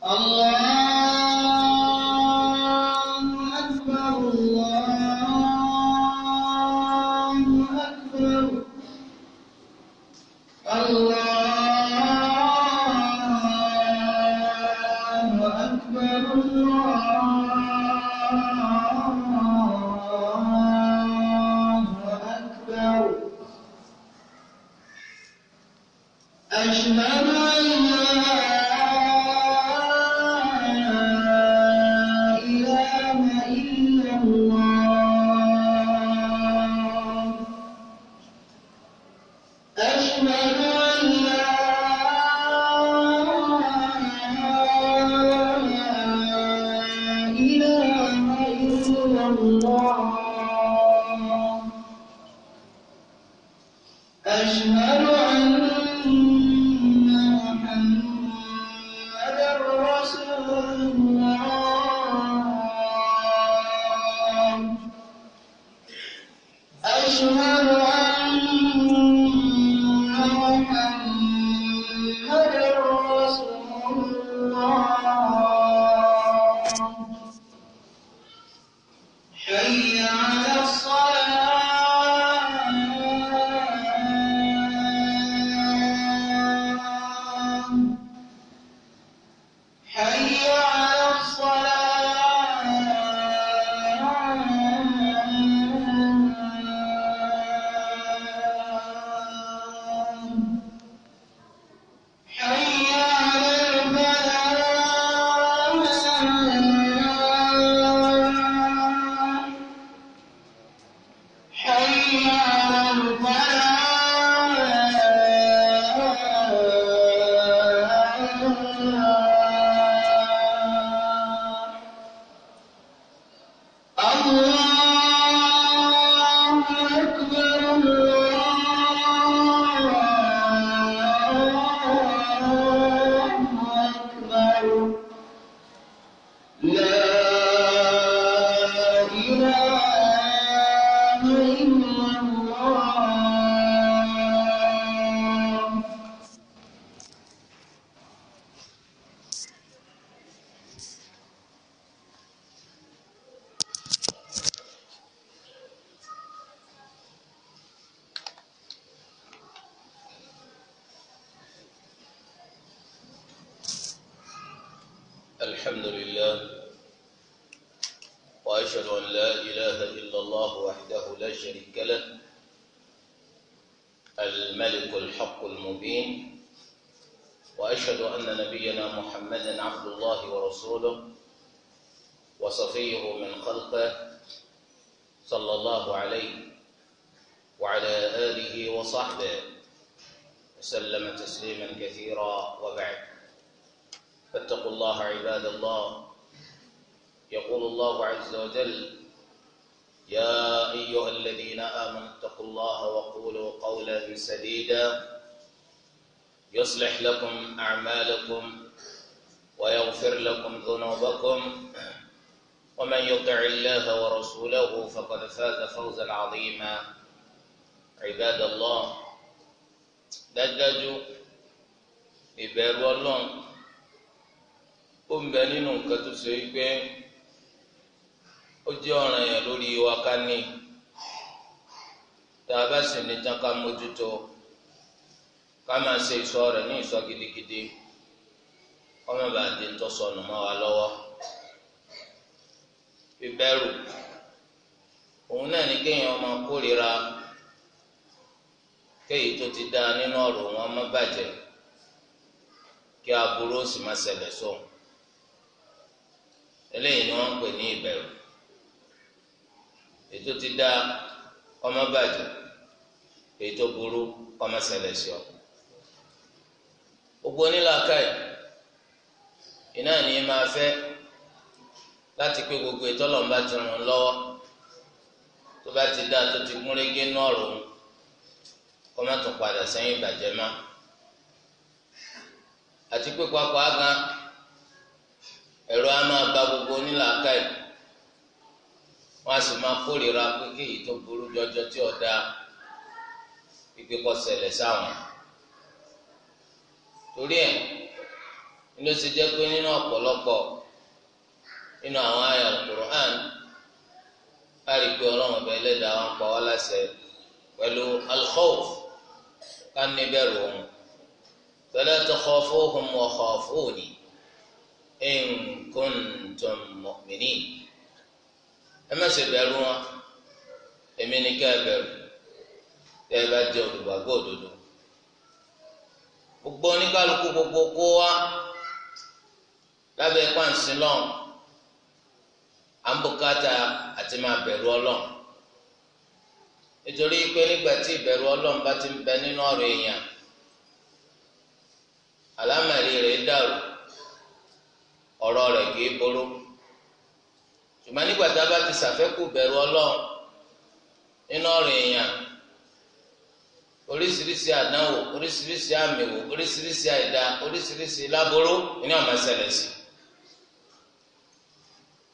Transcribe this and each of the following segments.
Allah ويغفر لكم ذنوبكم ومن يطع الله ورسوله فقد فاز فوزا عظيما عباد الله dájúdájú ìbẹ̀rù ọlọ́run ó ń bẹ nínú nǹkan tó ṣe wípé ó jẹ́ ọ̀ràn yẹn lórí wa ká ní tá a bá sì ní tán ká mójútó ká máa ṣe ìṣọ́ rẹ̀ ní ìṣọ́ gidigidi. kọ́mọ bá di ń tọ́ wa lọwọ. bíbẹ́rù òun náà ní kéèyàn ọmọ kórìíra kéyìí tó ti dáa nínú ọ̀rọ̀ wọn má bàjẹ́ kí aburú ó sì má so. sóun eléyìí ni wọ́n ń pè ní ti dáa ọmọ baje. èyí tó burú kọ́mọ ṣẹlẹ̀ sí ọ gbogbo onílàákàyè. iná ní ma fẹ láti pé gbogbo ìtọ́lọ́mbà ti ràn lọ́wọ́ tó bá ti dá tó ti kún régé náà rò má tún padà sẹ́yìn ìbàjẹ́ má àti pé papọ̀ ẹ̀rọ máa gbogbo wọ́n á sì máa jọjọ tí pípé sáwọn ló ṣe jẹ́ pé nínú ọ̀pọ̀lọpọ̀ nínú àwọn àyà alukur'an a rí pé ọlọ́run ọba ẹlẹ́dàá wọn pa wá láṣẹ pẹ̀lú alkhawf ká ní bẹ̀rù òun fala takhafuhum wa khafuni in kuntum mu'minin ẹ má ṣe bẹ̀rù wọn èmi ni ká bẹ̀rù tẹ́ ẹ bá jẹ́ olùgbàgbọ́ òdodo gbogbo oníkálukú gbogbo kó wa. lábẹ́ pàǹsí lọ́n à ń bùkátà àti máa bẹ̀rù ọlọ́n nítorí pé nígbà tí ìbẹ̀rù ọlọ́n bá ti bẹ nínú ọ̀rọ̀ èèyàn àlámẹ̀rí rẹ̀ dàrú ọ̀rọ̀ rẹ̀ kì í ṣùgbọ́n nígbà tá a bá ti ṣàfẹ́kù bẹ̀rù ọlọ́n nínú ọ̀rọ̀ èèyàn oríṣiríṣi àdánwò oríṣiríṣi àmìwò oríṣiríṣi àìdá oríṣiríṣi ní ọmọ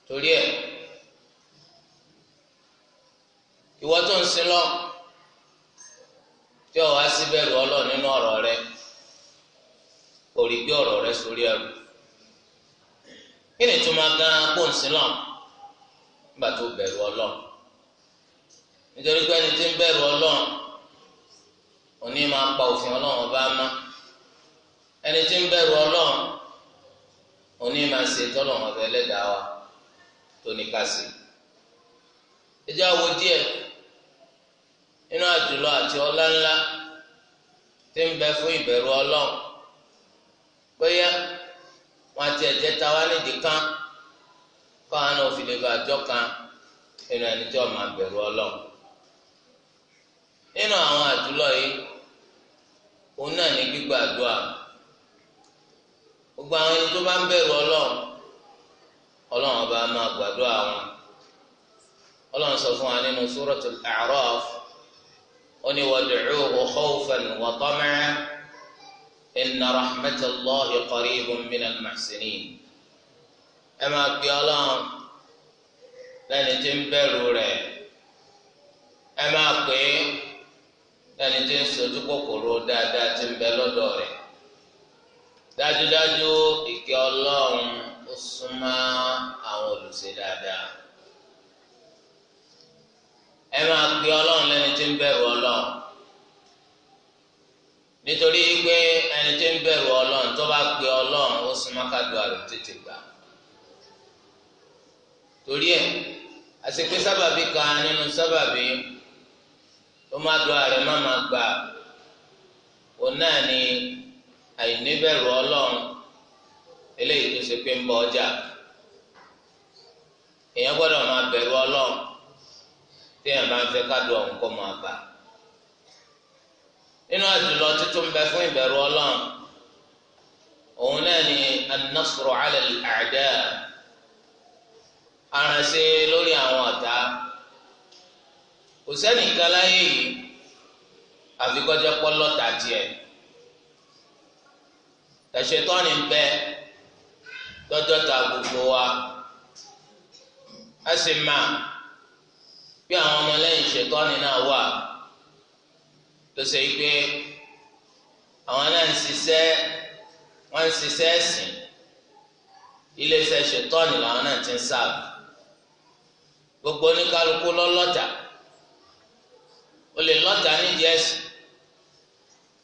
torí ẹ ìwọ tó ń sin lọ tí ọ wá sí bẹ̀rù ọlọ nínú ọ̀rọ̀ rẹ kò rí gbé ọ̀rọ̀ rẹ sórí ẹrù kí ni túmọ̀ gan kó ń sin lọ nígbà tó bẹ̀rù ọlọ nítorí pé ẹni tí ń bẹ̀rù ọlọ òní máa pa òfin Ọlọ́run bá má ẹni tí ń bẹ̀rù ọlọ òní máa ṣe tọlọ́run ọbẹ Ẹlẹ́dàá wa. tó ní ká sí ẹ jẹ́ díẹ̀ nínú àjùlọ àti ọlá ńlá tí ń bẹ fún ìbẹ̀rù ọlọ́run bóyá wọn àti ẹ̀jẹ̀ ta wá nídìí kan kọ́ àwọn òfin lè àjọ kan nínú ẹni tí ọmọ àbẹ̀rù ọlọ́run nínú àwọn àjùlọ yìí òun ọlọ́run ọba máa gbàdúrà wọn ọlọ́run sọ fún wa nínú suratul A'raf ó ní wad'uhu khawfan wa tama'an inna rahmatallahi qaribun minal muhsinin ẹ máa gbé ọlọ́run lẹ́ni tí ń bẹ̀rù rẹ̀ ẹ máa pè lẹ́ni tí ń sojú kòkòrò dáadáa tí ń bẹ lọ́dọ̀ rẹ̀ dájúdájú ìkẹ́ ọlọ́run ó súnmọ́ àwọn olùṣe dáadáa ẹ máa pe ọlọ́run lẹ́ni tí ń bẹ̀rù ọlọ́run nítorí pé ẹni tí ń bẹ̀rù ọlọ́run tó bá pe ọlọ́run ó súnmọ́ kádùá rẹ̀ tètè gbà torí ẹ̀ àsìkò sábàbí kan nínú sábàbí tó má dùn àrẹ má má gbà òun náà ni. àìníbẹ̀rù ọlọ́run eléyìí tó ṣe pé ń bọ ọjà èèyàn gbọ́dọ̀ máa bẹ̀rù ọlọ́run tí èèyàn bá ń fẹ́ ká bà nínú àjùlọ títún bẹ fún ìbẹ̀rù ọlọ́run òun náà ni an-nasru al lórí àwọn ọ̀tá kò tàṣetọ́ni ń bẹ dọ́dọ́ta gbogbo wa a sì máa bí àwọn ọmọlẹ́yìn ṣetọ́ni náà wà tó ṣe pé àwọn náà ń ṣiṣẹ́ wọ́n ń ṣiṣẹ́ ẹ̀sìn iléeṣẹ́ ṣetọ́ni làwọn náà ti ń sáàbù gbogbo oníkálukú lọ́lọ́tà o lè lọ́tà nídìí ẹ̀sìn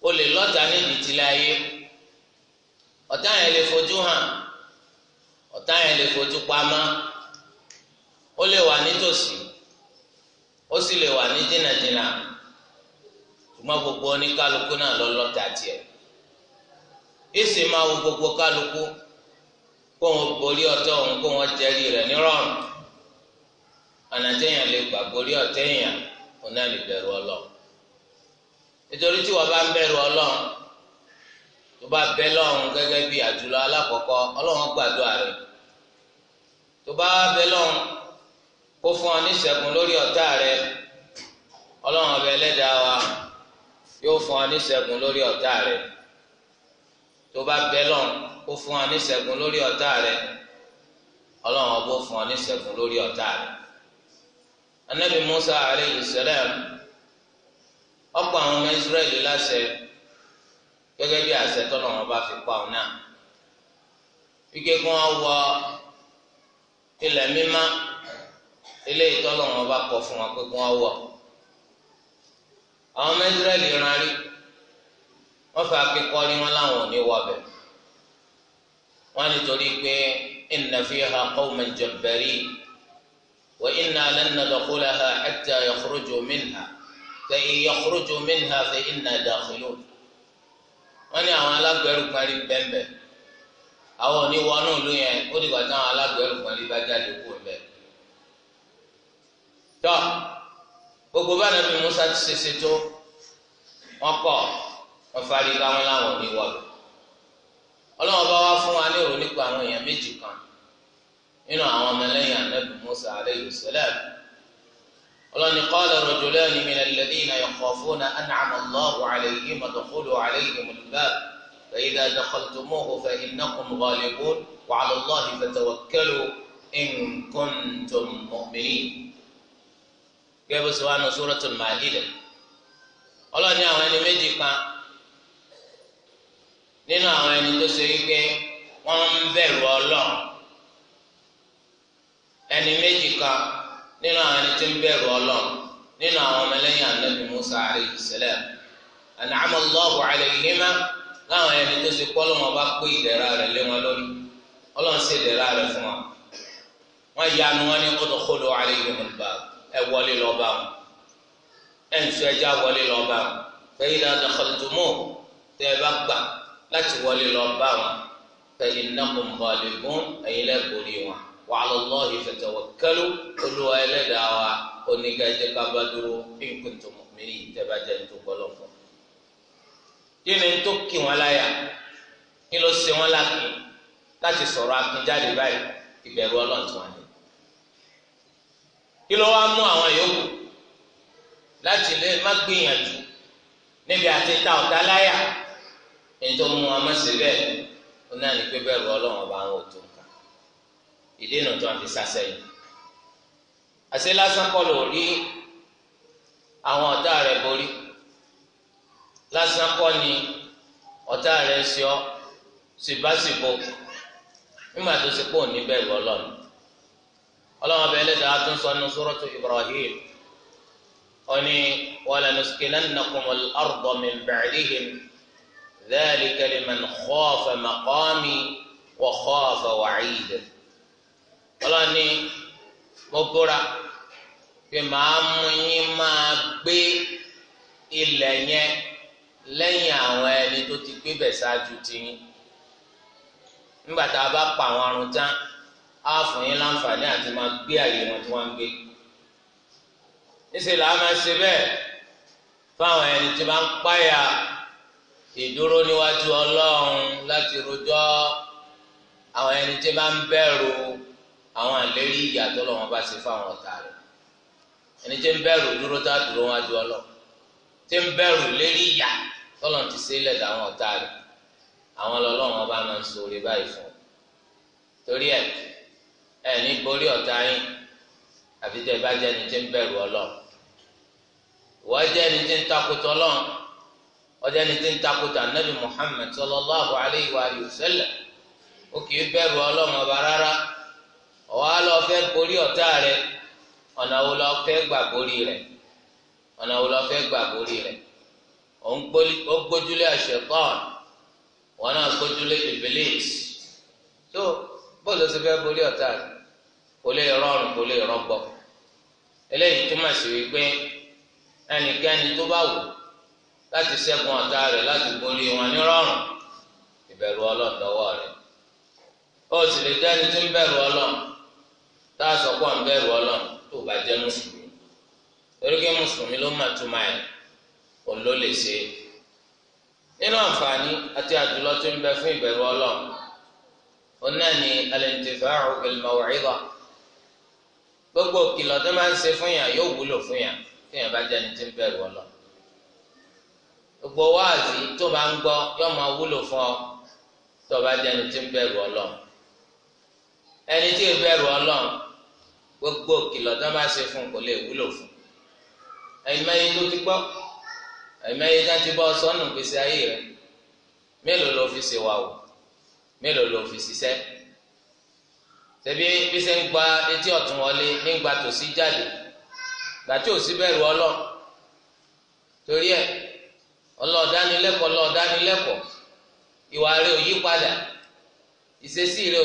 o lè lọ́tà nídìí tìlẹ̀ ayé. ọ̀tá yẹn lè fojú hàn ọ̀tá yẹn lè fojú pamọ́ ó lè wà nítòsí ó sì lè wà ní jìnnàjìnnà ṣùgbọ́n gbogbo oníkálukú náà lọ tiẹ̀ máa gbogbo kálukú kó wọn borí ọtọ òun kó wọn jẹ́rìí rẹ̀ nírọ̀rùn ọ̀nà téèyàn lè gbà borí òun náà lè nítorí tí tó bá bẹ lọ́run gẹ́gẹ́ bí àjùlọ alákọ̀ọ́kọ́ ọlọ́run gbàdúrà rẹ̀ tó bá bẹ lọ́run kó fún ọ ní ṣẹ́gun lórí ọ̀tá rẹ̀ ọlọ́run ọbẹ̀ ẹlẹ́dàá wa yóò fún ọ ní ṣẹ́gun lórí ọ̀tá rẹ̀ tó bá bẹ lọ́run kó fún ọ ní lórí ọ̀tá rẹ̀ ọlọ́run ọbọ̀ fún ọ ní lórí ọ̀tá rẹ̀ anabi musa alayhi salam ọkọ àwọn ọmọ israẹli láṣẹ gẹ́gẹ́ bí àṣẹ tọ́nà wọn bá fi pa òun náà wíkẹ́ kí wọ́n wọ ilẹ̀ mímá eléyìí tọ́nà wọn bá kọ fún wọn pé kí wọ́n wọ. àwọn ọmọ Ísírẹ́lì ran rí wọ́n fà kíkọ́ wọn láwọn ò ní wọ bẹ̀. wọ́n nítorí pé inna fiha qawman jabbarin wa inna lan nadkhulaha hatta yakhruju minha fa in yakhruju minha fa inna dakhilun wọ́n ní àwọn alágbẹ̀rù parí bẹ́ẹ̀nbẹ́ẹ̀ àwọn òní wọnú ìlú yẹn ó dìgbà táwọn alágbẹ̀rù parí bá jáde kú ńbẹ. tọ́ gbogbo bá nàbí Musa ti ṣèṣe tó wọ́n kọ̀ wọ́n farí káwọn láwọn òní wọ̀lú. ọlọ́wọ́n bá wá fún wa ní ìròyìn nípa àwọn èèyàn méjì kan nínú àwọn ọmọlẹ́yìn anábì Musa alayhi salam ọlọ́ni qala rajulani min alladhina yakhafuna an'ama Allahu alayhim madkhulu alayhim al-bab fa idha dakhaltumuhu fa innakum ghalibun wa 'ala Allahi fatawakkalu in kuntum mu'minin. gẹ́gẹ́ bó ṣe wá ní suratul Ma'idah ọlọ́ni àwọn ẹni nínú àwọn ẹni tó ṣe wípé wọ́n ń bẹ̀rù ọlọ́run ẹni méjì kan nínú àwọn ẹni tí ń bẹ̀rù ọlọ́run nínú àwọn ọmọlẹ́yìn anabi musa alayhi salam an'ama Allahu alayhima láwọn ẹni tó ṣe kọ́ lọ́wọ́ bá pé ìdẹ̀ra rẹ̀ lé wọn lórí ọlọ́run ṣe ìdẹ̀ra rẹ̀ fún wa wọn yanu wọn ní udkhulu alayhimul bab ẹ wọlé lọ bá wọn ẹ ń sọ ẹja wọlé lọ bá wọn fa idha dakhaltumuh ẹ bá gbà láti wọlé lọ bá wọn fa innakum ghalibun ẹ̀yin wa 'ala Allahi fatawakkalu olúwa ẹlẹ́dàá wa oníkàjẹ́ kábà dúró in kuntum mu'minin tẹ́bàjẹ́ ní tó gbọ́lọ̀ fún. kí ni tó kì wọ́n láyà kí ló ṣe wọ́n láàkì láti sọ̀rọ̀ akínjáde báyìí ìbẹ̀rù ọlọ́run tí wọ́n ní. kí ló wá mú àwọn yòókù láti lè má gbìyànjú níbi àti ta ọ̀tá láyà ètò mú wọn má ṣe bẹ́ẹ̀ ó náà ní pé bẹ́ẹ̀ rọ ọlọ́run ọba àwọn òtún k ìdí ìnà tí wọ́n fi sásẹ̀ yìí àṣẹ lásán kọ́ ló rí àwọn ọ̀tá rẹ̀ borí lásán kọ́ ni ọ̀tá rẹ̀ ń ṣe ọ́ síbáṣìbò nígbà tó ṣe pọ̀ níbẹ̀ ìwọ lọ́nà ọlọ́wọ́n bẹ́ẹ̀ lẹ́dàá tó ń sọ ní suratu Ibrahim ọ̀ni walanuskilannakumul arda min ba'dihim dhalika liman khafa maqami wa khafa wa'id ọlọ́ni mo búra pé màá mú yín máa gbé ilẹ̀ yẹn lẹ́yìn àwọn ẹni tó ti gbé bẹ̀ ṣáájú tiyín nígbà tá a bá pa àwọn àrùn tán á fún yín láǹfààní àti máa gbé àyè wọn tí wọ́n ń gbé níṣẹ́ làá máa ṣe bẹ́ẹ̀ fáwọn ẹni tí máa ń páyà ìdúró níwájú ọlọ́run láti rojọ́ àwọn ẹni tí máa ń bẹ̀rù àwọn àlérí ìyà t'Ọlọ́run bá ṣe fáwọn ọ̀tá rẹ̀ ẹni tí ń bẹ̀rù dúró tá dúró wọn ju ọlọ tí ń bẹ̀rù lérí ìyà t'Ọlọ́run ti ṣe lẹ̀ dáwọn ọ̀tá rẹ̀ àwọn lọ́lọ́run bá máa ń sori báyìí fún un torí ẹ ẹ ní borí ọ̀tá yín àfi tẹ bá jẹ́ ẹni tí ń bẹ̀rù Ọlọ́run wọ́n jẹ́ ẹni tí ń takùtà Ọlọ́run ọjọ́ ẹni tí ń takùtà Nabi Muhammad sallallahu ọ̀wá lọ fẹ́ borí ọ̀tá rẹ ọ̀nà wo lọ fẹ́ gbà borí rẹ ọ̀nà wo lọ fẹ́ gbà borí rẹ ó gbójúlé àṣetán wọn náà gbójúlé Iblis tó bóòlù ti fẹ́ borí ọ̀tá rẹ kò lè rọrùn kò lè rọgbọ eléyìí túmọ̀ sí wípé ẹnikẹ́ni tó bá wù láti ṣẹ́gun ọ̀tá rẹ̀ láti borí wọn nírọ̀rùn ìbẹ̀rù ọlọ́dọ̀wọ́ rẹ̀ ó sì lè jẹ́ni tó ń bẹ̀rù ọlọ́run tá a sọ pé à ń bẹ̀rù ọlọ́run tó bá jẹ́ mùsùlùmí torí pé mùsùlùmí ló mà tó máa yẹ òun ló lè ṣe nínú àǹfààní àti àdúlọ́ tó ń bẹ fún ìbẹ̀rù ọlọ́run òun náà ni al-intifa'u gbogbo òkìlọ̀ tó máa ń ṣe fún yàn yóò wúlò fún yàn tí yàn bá jẹni tí ń bẹ̀rù ọlọ́run gbogbo wáàzì tó máa ń gbọ́ yóò máa wúlò fún ọ tó bá jẹni tí ń bẹ̀rù ọlọ́run ẹni tí ì bẹ̀rù ọlọ́run gbogbo kìlọ̀ tó bá fún kò lè wúlò fún àìmọye tó ti gbọ́ àìmọye tó ti bọ́ sọ́nù gbèsè ayé rẹ mélòó ló fi ṣe wà o mélòó ló fi ṣiṣẹ́ tẹ̀bí bí ṣe ń gba etí ọ̀tún wọlé ní gba tòsí jáde gbàtí torí ọlọ́ọ̀dánilẹ́kọ̀ọ́ ọlọ́ọ̀dánilẹ́kọ̀ọ́ ìwà rẹ ò yí padà ìṣesí rẹ ò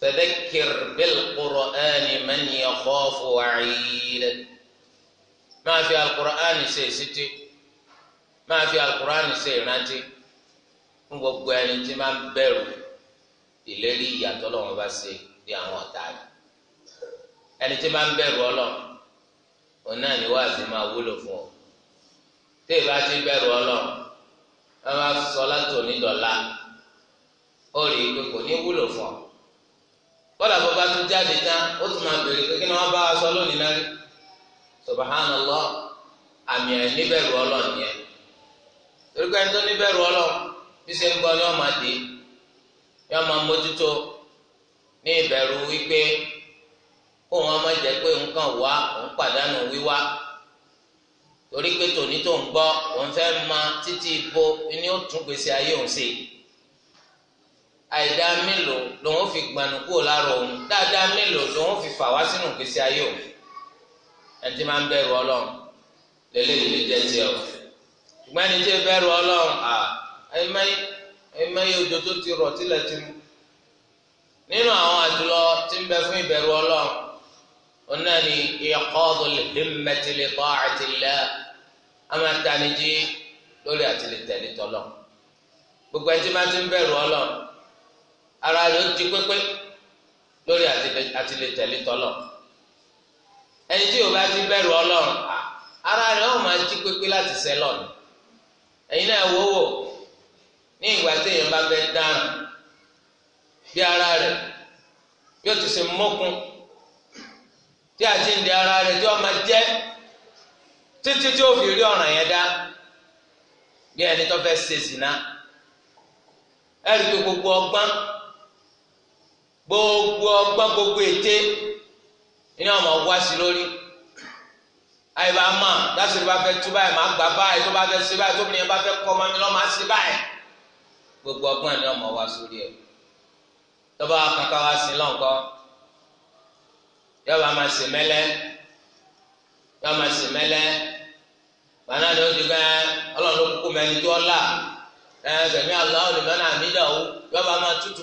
فذكر بالقرآن من يخاف وعيد ما في القرآن سيستي ما في القرآن سيرانتي gbogbo ẹni tí máa ń bẹ̀rù ìlérí ìyàtọ̀ lọ́wọ́ bá ṣe di àwọn ọ̀tá rẹ̀ ẹni tí máa ń bẹ̀rù ọlọ́run òun náà ni wáàsí máa wúlò fún ọ tí ìbá ti bẹ̀rù ọlọ́run wọn bá sọ látò nídọ̀ọ́lá ó rí i pé kò ní wúlò fún ọ. kọ́dà bó bá jáde tán ó tún máa bèrè pé kí ni wọ́n bá wa sọ lónìí náà rí lọ àmì ẹ̀ níbẹ̀rù ọlọ́run yẹn torí pé tó ni wọ́n máa dé máa mójútó ní ìbẹ̀rù wípé kó wọn má pé nǹkan wá òun pàdánù ń gbọ́ òun fẹ́ máa títí ibo ni ayé òun àìdá mélòó lòun fi gbanu kúrò lára òun dáadáa mélòó lòun fi fà wá sínú ìgbésí ayé òun ẹni tí máa ń bẹ̀rù ọlọ́run lélẹ́yìí lè jẹ́ tiẹ̀ o ṣùgbọ́n ẹni tí bẹ̀rù ọlọ́run à ẹ̀mẹ́yẹ òjò tó ti rọ̀ tilẹ̀ ti mú nínú àwọn àjùlọ tí ń bẹ fún ìbẹ̀rù ọlọ́run òun náà ni ìyàkọ́ọ̀dù himmati li ta'ati llah a máa tanijí lórí àtìlẹ́tẹ̀lẹ́tọ̀ lọ gbogbo ẹni máa ti ń bẹ̀rù ọlọ́run ara rẹ̀ ó ti pépé lórí àtìlè tẹ̀lé tọ́lọ̀ ẹni tí yóò bá ti bẹ̀rù ọlọ́run ara rẹ̀ ó máa jí pépé láti sẹ́lọ̀ ni ẹ̀yin náà wò wò ní ìgbà tí èèyàn bá fẹ́ dáràn bí ara rẹ̀ bí ó ti ṣe mọ́kun tí àjíǹde ara rẹ̀ tí ó máa jẹ́ títí tí ó fi rí ọ̀ràn yẹn dá bí ẹni tó fẹ́ ṣe zina ẹ̀rí pé gbogbo ọgbọ́n. gbogbo ọgbọ́n gbogbo ète iná ọmọ wá sí lórí àyíbá mọ lásìkò bá fẹ́ tú báyìí máa gbà báyìí tó bá fẹ́ ṣe báyìí tóbi yẹn bá fẹ́ kọ́ ọmọ mi báyìí gbogbo ọgbọ́n ọmọ wá sórí ẹ̀ tọ́ba kankan wá sí lọ́nkọ́ yọba máa ṣe mẹ́lẹ́ yọba máa mẹ́lẹ́ gbaná ni ó ti ọlọ́run mẹ́ni tó yọba máa tútù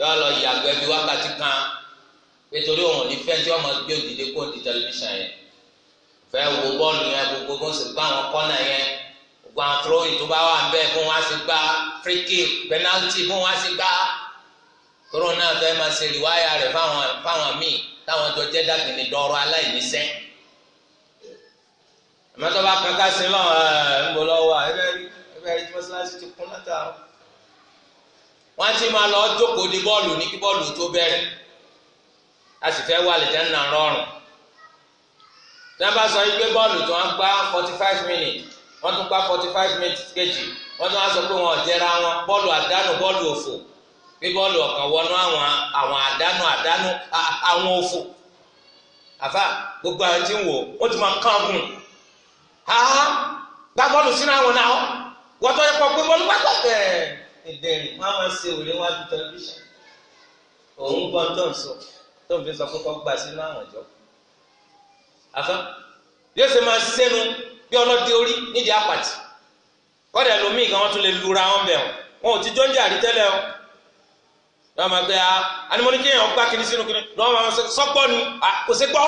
yọ lọ yàgbẹ́ bí wákàtí kan nítorí òun ò ní fẹ́ tí ọmọ gbé òdìdé kó di tẹlifíṣàn yẹn fẹ́ wo bọ́ọ̀lù yẹn gbogbo bó ṣe gbá àwọn kọ́nà yẹn gbogbo àwọn tróyìn tó bá wà ń bẹ́ fún wa ṣe gbá fíríkì pẹnáltì fún wa ṣe gbá tóró náà fẹ́ máa ṣe rìwáyà rẹ̀ fáwọn fáwọn míì táwọn jọ jẹ́ dàgbìnì dọ́rọ̀ aláìníṣẹ́ àmọ́ tó bá kankan sí lọ́wọ́ ẹ̀ ń bọ̀ lọ́wọ́ ẹ bẹ́ẹ̀ rí ẹ bẹ́ẹ̀ wọ́n á sì máa lọ jókòó di bọ́ọ̀lù ní kí bọ́ọ̀lù tó bẹ̀rẹ̀ a sì fẹ́ wà lẹ́jẹ̀ ńnà rọrùn tí wọ́n bá sọ yìí bọ́ọ̀lù tí wọ́n gbá forty five minutes wọ́n tún gbá forty five minutes kejì wọ́n tún wá sọ pé wọn jẹra wọn bọ́ọ̀lù àdánù bọ́ọ̀lù gbogbo àwọn tí ń wò ó ti máa ha gbá bọ́ọ̀lù sínú àwọn náà wọ́n bọ́ọ̀lù ìbẹ̀rẹ̀ wọn máa ṣe òrè wájú tẹlifíṣàn òun gbọ́ tó ń sọ tó ń fi sọ kókó gbà sínú àwọn ìjọ. àfa yóò ṣe máa sẹ́nu bí ọlọ́dẹ orí nídìí àpàtì kọ́dà ẹlòmíì kan wọ́n tún lè lura wọn bẹ̀ wọn wọn ò ti jọ́jà àrí tẹ́lẹ̀ o lọ́wọ́ máa gbé a animọ́ni kí èèyàn gbá kiri sínú kiri lọ́wọ́ máa sọ́gbọ́ ni kò sí gbọ́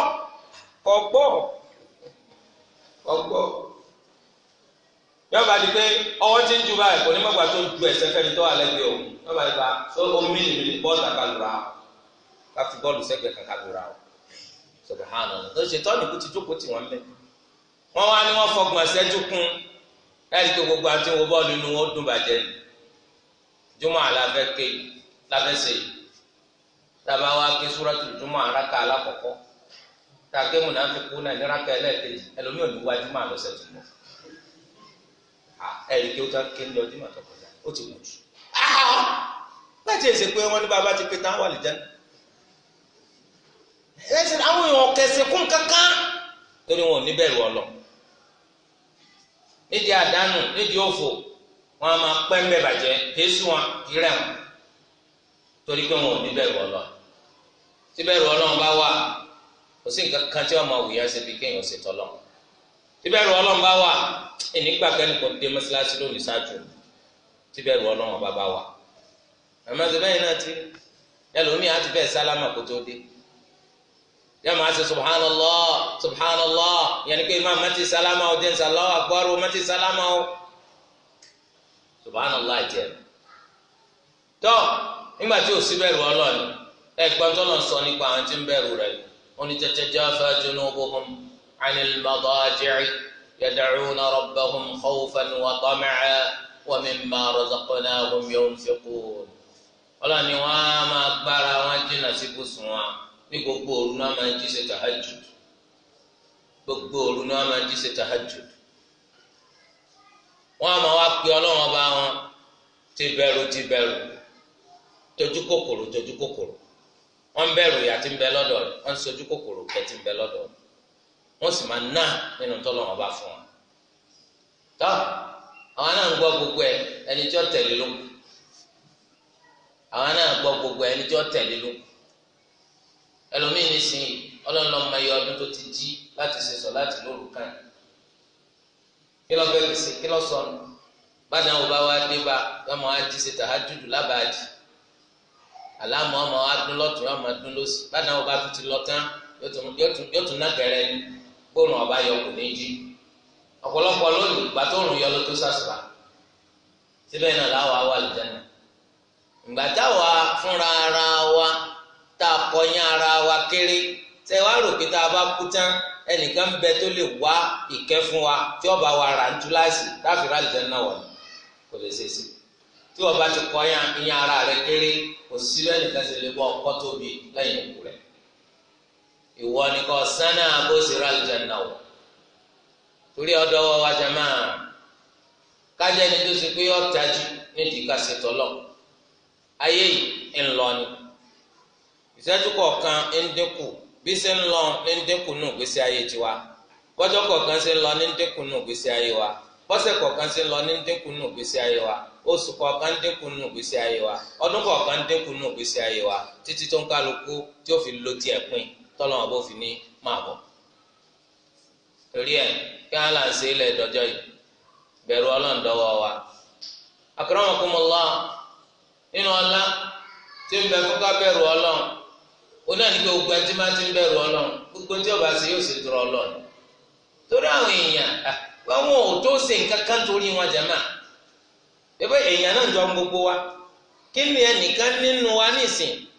kọ́ gbọ́ kọ́ gbọ́ yọba di pé ọwọ́ tí ń ju báyìí kò ní mọ̀gbà tó ju ẹsẹ̀ fẹ́ni tó wà lẹ́gbẹ̀ẹ́ òun yọba di pa so omi nìbìlì bọ́ọ̀lù àkàlùrà ká fi bọ́ọ̀lù sẹ́gbẹ̀ẹ́ kàkàlùrà o subhanallah tó ṣe tọ́ni kú ti jókòó tì wọ́n mẹ́ wọ́n wá ní wọ́n fọgbọ̀n ṣẹ́jú kún ẹ̀rí tó gbogbo àti wo bọ́ọ̀lù inú wọn dùn bàjẹ́ ni jùmọ̀ àlàfẹ́ ké lábẹ́ ṣe tàbá wa ké súrọ́tù jùmọ̀ àràkà alákọ̀ọ́kọ́ tàké múnàfikún náà ní rákà Ah, ẹ̀rí kí ó tán kí ń lọ ọdún mọ̀tọ́ kọjá ó ti jù. Ah, láti pé wọn ní bàbá ti pété àwọn àlìjá àwọn kankan torí wọn ò ní bẹ̀rù ọ̀lọ́ nídìí àdánù nídìí òfò wọn a máa pẹ́ ń bẹ̀ bàjẹ́ wọn rẹ̀ wọn ò ní bẹ̀rù tí bẹ̀rù bá wà kò sí nǹkan kan tí wọ́n máa wù yá ṣe bí tíbẹ̀rù ọlọ́run bá wà ìnígbà kẹ́nìkan dé mọ́ṣáláṣí lónìí ṣáájú tíbẹ̀rù ọlọ́run bá bá wà àmọ́sẹ̀ náà ti ẹlòmíì á ti bẹ́ẹ̀ sálámà kó tó dé yẹ máa ṣe subhanallah subhanallah yẹn ni pé imáà mẹ́tì sálámà ó jẹ́ nsàlọ́ àgbọ́rò mẹ́tì sálámà ó subhanallah jẹ́ tọ́ nígbà tí sí bẹ̀rù ọlọ́run tó lọ sọ nípa àwọn tí ń bẹ̀rù rẹ̀ عن المضاجع يدعون ربهم خوفا وطمعا ومما رزقناهم ينفقون ọlọ́ni wọn máa gbára wọn jìnnà sí ibùsùn ní gbogbo òru ni máa jí ṣe gbogbo òru wọn máa jí ṣe tahajjud wọn á wá pe ọlọ́run ọba wọn ti bẹ̀rù ti bẹ̀rù tójú kòkòrò tójú kòkòrò wọn bẹ̀rù ń bẹ lọ́dọ̀ wọn sojú kòkòrò ń bẹ wọ́n sì máa ná nínú tọ́lọ́wọ́n bá fún wa. tọ́ àwọn náà ń gbọ́ gbogbo ẹ ẹni tí ó tẹ̀lé ló àwọn náà gbọ́ gbogbo ẹ ẹni tí ó tẹ̀lé ló ẹlòmíín ọdún tó ti jí láti ṣe sọ láti lóru kàn kí ló fẹ́ ṣe kí ló sọ wò bá wá dé bá ṣe kóòrùn ọba yọ kò ọ̀pọ̀lọpọ̀ lónìí ìgbà tó rùn yọ ló tó sàṣùrà síbẹ̀ náà láwa wà ìgbà táwa fúnra ara wa tá a ara wa kéré tẹ wá rò pé tá a bá kú tán ẹnìkan bẹ tó lè wá ìkẹ́ fún wa tí ọba wa rà ń tú láìsí kò lè tí ọba ti kọyán ara rẹ kéré kò sí lè bọ ọkọ tóbi lẹ́yìn ìwọ ni kò sánà bó sì rà àlùjánnà o torí ọ̀dọ̀ wọ wa jama kájẹ ni tó ṣe pé ọtajú nídìí ká ṣe tọlọ ayé yìí ń lọ ni ìṣẹ́jú kọ̀ọ̀kan ń dínkù bí ṣe ń lọ ní ń dínkù nù gbèsè ayé tiwa bọ́jọ́ kọ̀ọ̀kan ṣe ń lọ ní ń dínkù nù gbèsè ayé wa kọ̀ọ̀kan ṣe ń lọ ní ń dínkù nù gbèsè ayé wa oṣù kọ̀ọ̀kan ń dínkù tọ́lọ́ wọn fi ní máa bọ̀ torí ẹ kí wọn là ń ṣe ilẹ̀ ìdọ́jọ́ yìí bẹ̀rù ọlọ́run dọ́wọ́ wa akramakumullah nínú ọlá tí ń bẹ fún ká bẹ̀rù ọlọ́run ó náà ní kí gbogbo ẹtí máa ti ń bẹ̀rù ọlọ́run gbogbo ọba yóò dúró torí àwọn èèyàn wọn ò tó nǹkan kan torí wọn èèyàn náà jọ gbogbo wa kí ni ẹnìkan nínú wa nísìnyí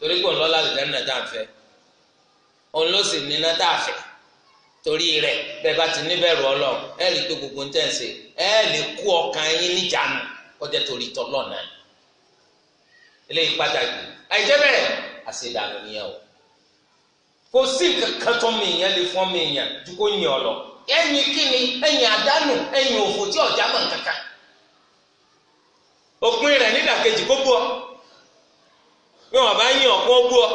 torí pé òun lọ́la àlùjá náà tá à ń fẹ́ òun ló sì níná tá à fẹ́ torí rẹ̀ bẹ́ẹ̀ bá ti níbẹ̀rù ọlọ́run ẹ lè pé gbogbo ń tẹ̀sí ẹ lè kú ọkàn yín níjànú kọjá torí tọ́lọ́ náà eléyìí pàtàkì àìjẹ́ bẹ́ẹ̀ àṣedànù nìyẹn o kò sí kankan tó mi yẹn lè fún mi yẹn ju kó yìn ọ lọ ẹ̀yin kíni ẹ̀yin àdánù ẹ̀yin òfò tí ọjà mọ̀ kankan òpin rẹ̀ nídàkejì gbogbo ọ. bí wọn bá yín ọ̀pọ̀ bú ọ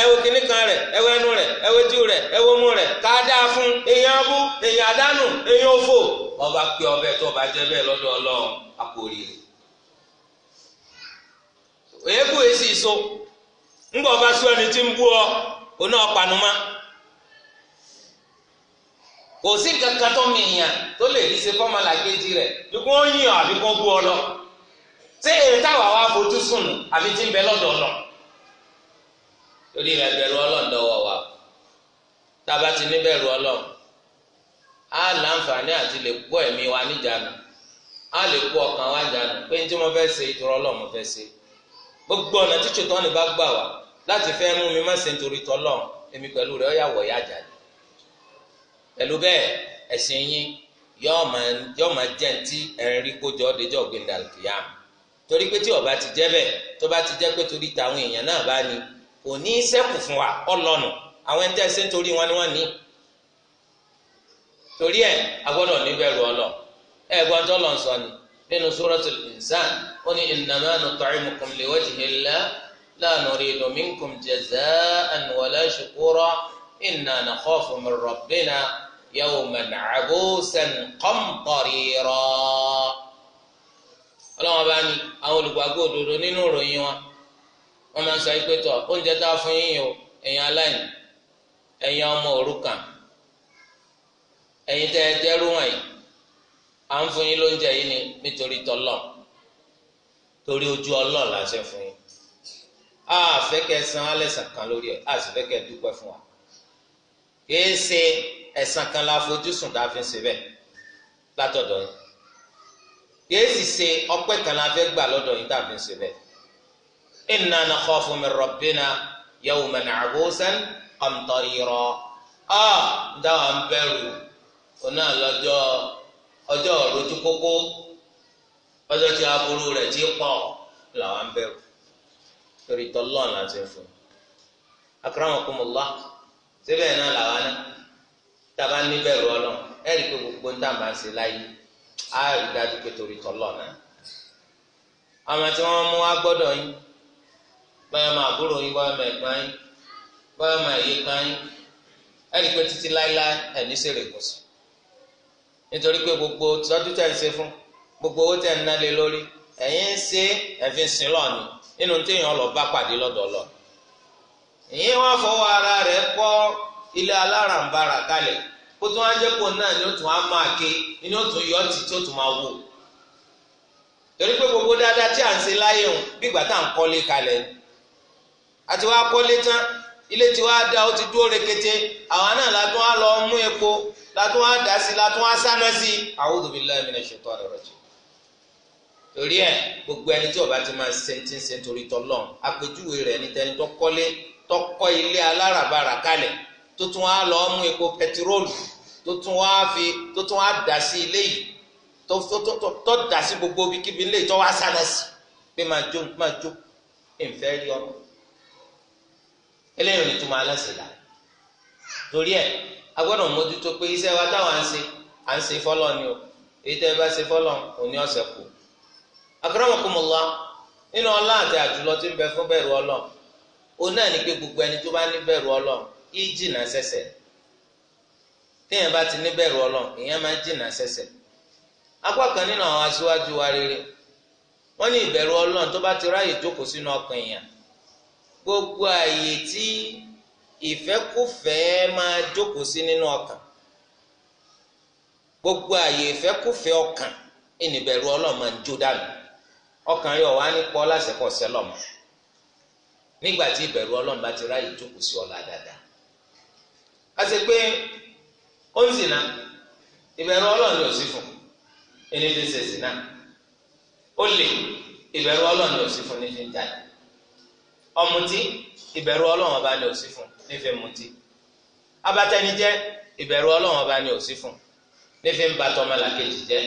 ẹwọ kìnnì kan rẹ ẹwọ ẹnu rẹ ẹwọ ojú rẹ ẹwọ mú rẹ dáa fún èèyàn abú èèyàn àdánù èèyàn òfò wọn pé ọbẹ tó bá jẹ bẹ́ẹ̀ lọ́dọ̀ Ọlọ́run èébù èsì so sọ ẹni tí ń ọ oná kò sí tó mìíyàn tó lè rẹ bí ọ àbí ọ lọ. ṣé èyí táwa wá fojú sùn àfi tí ń bẹ lọ́dọ̀ ọ̀nà torí rẹ̀ bẹ̀rù wa ti ní bẹ̀rù ọlọ́run á láǹfààní àti lè kó ẹ̀mí wa níjànú á lè kó ọkàn wa níjànú pé ní tí mo fẹ́ ṣe ìtọ́rọ ọlọ́run mo fẹ́ ṣe gbogbo ọ̀nà tí ṣètò ni bá gbà wá láti fẹ́ mú mi má ṣe nítorí tọ́lọ́run èmi pẹ̀lú rẹ̀ ọ̀yà wọ̀ ya jáde pẹ̀lú bẹ́ẹ̀ ẹ̀sìn yín jẹ́ kójọ́ torí pé tí ọba ti jẹ́ bẹ́ẹ̀ tó bá ti jẹ́ pé torí tàwọn èèyàn náà bá ní kò ní í ṣẹ́kù fún wa ọlọ́nu àwọn ẹni tẹ́ ṣe ń torí wọn ni wọ́n ní torí ẹ̀ agbọ́dọ̀ níbẹ̀rù ọlọ ẹ gbọ́n tó lọ sọ ni nínú suratul insan ó ní innama nut'imukum liwajhillah la nuridu minkum jaza'an wala shukura inna nakhafu min rabbina yawman abusan qamtarira ọlọ́wọ́n bá ní àwọn olùgbàgbọ́ òdodo nínú ìròyìn wọn wọ́n máa ń sọ pé tọ̀ oúnjẹ tá a fún yín o ẹ̀yin aláìní ẹ̀yin ọmọ òrukàn ẹ̀yin tẹ́ ẹ dẹ́rú wọ̀nyí à ń fún yín lóúnjẹ yìí ni nítorí tọ́lọ̀ torí ojú ọlọ́ la ṣe fún yín a fẹ́ kẹ́ san alẹ́sàn kan lórí ẹ̀ a sì fẹ́ kẹ́ dúpẹ́ fún wa kì í ṣe ẹ̀san kan la fojú sùn tá a fi ń ṣe bẹ́ẹ̀ látọ̀dọ̀ yìí kèésì ṣe ọpẹ́ kan la fẹ́ gbà lọ́dọ̀ yìí tá a fi ń ṣe bẹ́ẹ̀. inna nakhafu min rabbina yawman abusan qamtarira a dáhà ń bẹ̀rù ọ̀nà lọ́jọ́ ọjọ́ rojú kókó ọjọ́ tí aburú rẹ̀ ti pọ̀ làwọn ń bẹ̀rù torí tọ́lọ́ọ̀n la ti ń fún un. akramakumullah síbẹ̀ náà làwọn náà tá ní bẹ̀rù ọlọ́run ẹ̀rí pé gbogbo ń tàbá ṣe láyé á rí dájú pé torí tọ́lọ̀ náà àwọn tí wọ́n mú wá gbọ́dọ̀ yín báyọ̀ máa gbúrò yín báyọ̀ máa gbọ́n yín báyọ̀ máa yé gbọ́n yín ẹ̀rí pé títí láíláí, ẹ̀ ní sèrè kù sí nítorí pé gbogbo tọ́jú tẹ̀ ń ṣe fún gbogbo owó tẹ̀ ń ná lé lórí ẹ̀yin ń ṣe ẹ̀fin sin lọ́ọ̀ni nínú téèyàn lọ bá pàdé lọ́dọ̀ lọ ìyẹn wọn fọwọ́ ara rẹ̀ kọ́ ilé alárànbarà kalẹ̀ kó tó wá jẹ́ pò náà ni ó tún á máa ké ni ó tún yọ ọtí tí ó tún máa wò torí pé gbogbo dáadáa tí à ń ṣe láyé òun bí ìgbà tá à ń kọ́lé kalẹ̀ àti wá kọ́lé tán ilé tí wàá da ó ti dúró rekete àwa náà látún á lọ mú epo látún á dà sí látún á sáná sí a'udhu billahi minash shaitanir rajim torí ẹ gbogbo ẹni tí ó ti máa ṣe ti ń ṣe torí tọlọ́run àpèjúwe rẹ̀ ní tẹni tó kọ́lé tó kọ́ ilé aláràbarà kalẹ̀ tó tún wá lọ mú epo pẹtiróòlù tó tún wá fi tó tún wá dà sí ilé yìí tó tó tó tó dà sí gbogbo ibikíbi ilé yìí tó wá sálẹ̀ sí pé máa jó máa jó ìfẹ́ rí ọmọ eléyìí ò ní tún máa lẹ́sẹ̀ dà torí ẹ̀ a gbọ́dọ̀ mójútó pé iṣẹ́ wa táwọn à ń ṣe à ń ṣe fọ́lọ́ ni o èyí tẹ́ ẹ bá ṣe fọ́lọ́ òní ọ̀sẹ̀ kù akramakumullah nínú ọlá àti àjùlọ tí ń bẹ fún bẹ̀rù Ọlọ́run òun náà ní pé gbogbo ẹni tó bá ní bẹ̀rù Ọlọ́run ìjìnà sẹsẹ téèyàn bá ti níbẹ̀rù ọlọm èèyàn máa ń jìnà sẹsẹ apá kan nínú àwọn aṣíwájú wa rere wọn ní ọlọm ọlọ́run tó bá ti ráàyè jókòó gbogbo ààyè tí ìfẹ́kùfẹ́ máa jókòó sí nínú ọkàn gbogbo ààyè ìfẹ́kùfẹ́ ọkàn ìnìbẹ̀rù ọlọ́run máa ń jó dànù ọkàn yóò wá nígbà tí bá ti ráàyè jókòó sí àti pé ó ń zìnà ìbẹ̀rù ọlọ́run ló sì fún ẹni tí ń ṣe zìnà ó lè ìbẹ̀rù ọlọ́run ló sì fún ní fi ń jáde ọ̀mùtí ìbẹ̀rù ọlọ́run ọba ni ò sí fún nífi mutí abatẹnijẹ́ ìbẹ̀rù ọlọ́run ọba ni ò sí fún nífi ń ba tọmọlàkejì jẹ́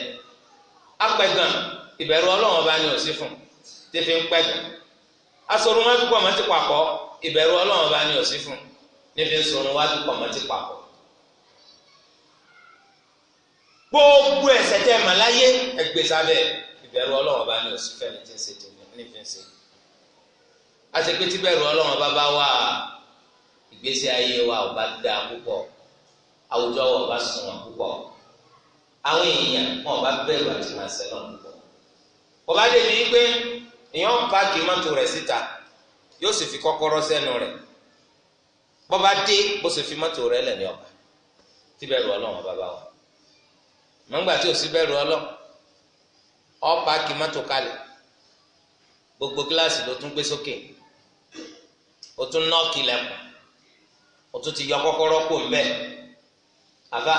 apẹ̀gàn ìbẹ̀rù ọlọ́run ọba ni ò sí fún nífi ń pẹ̀gàn asorun wọn kúkọ ọmọ ti pàkọ́ ìbẹ̀rù ọlọ́run ọba ni ò sí fún níbi ń sọ̀rọ̀ wájú kọ̀mọ́tì papọ̀ gbogbo ẹ̀ṣẹ̀ tẹ́ mà láyé ẹgbẹ́ sábẹ́ ìbẹ̀rù Ọlọ́run bá ní òsì fẹ́ni tí ń ṣe tèmi níbi ń ṣe àti pé tíbẹ̀rù Ọlọ́run bá bá wà ìgbésí ayé wa ò bá da púpọ̀ àwùjọ wa ò bá sùn wọn púpọ̀ àwọn èèyàn wọn ò bá bẹ̀rù àti máa ṣẹ lọ́nà púpọ̀ kò bá dé bíi pé èèyàn ń paaki mọ́tò rẹ̀ síta yóò sì fi kọ́kọ́rọ́ sẹ́nu rẹ̀ bọ́ba dé bó ṣe fi mọ́tò rẹ̀ lẹ̀ ní ọba tí bẹ̀rù ọlọ́run bàbá wa mọ̀ngbà tí ò sí bẹ̀rù ọlọ́run ọ paaki mọ́tò kalẹ̀ gbogbo gíláàsì ló tún gbé sókè ó tún nọ́ọ̀kì lẹ́kùn ó tún ti yọ kọ́kọ́rọ́ kò ń bẹ̀ àbá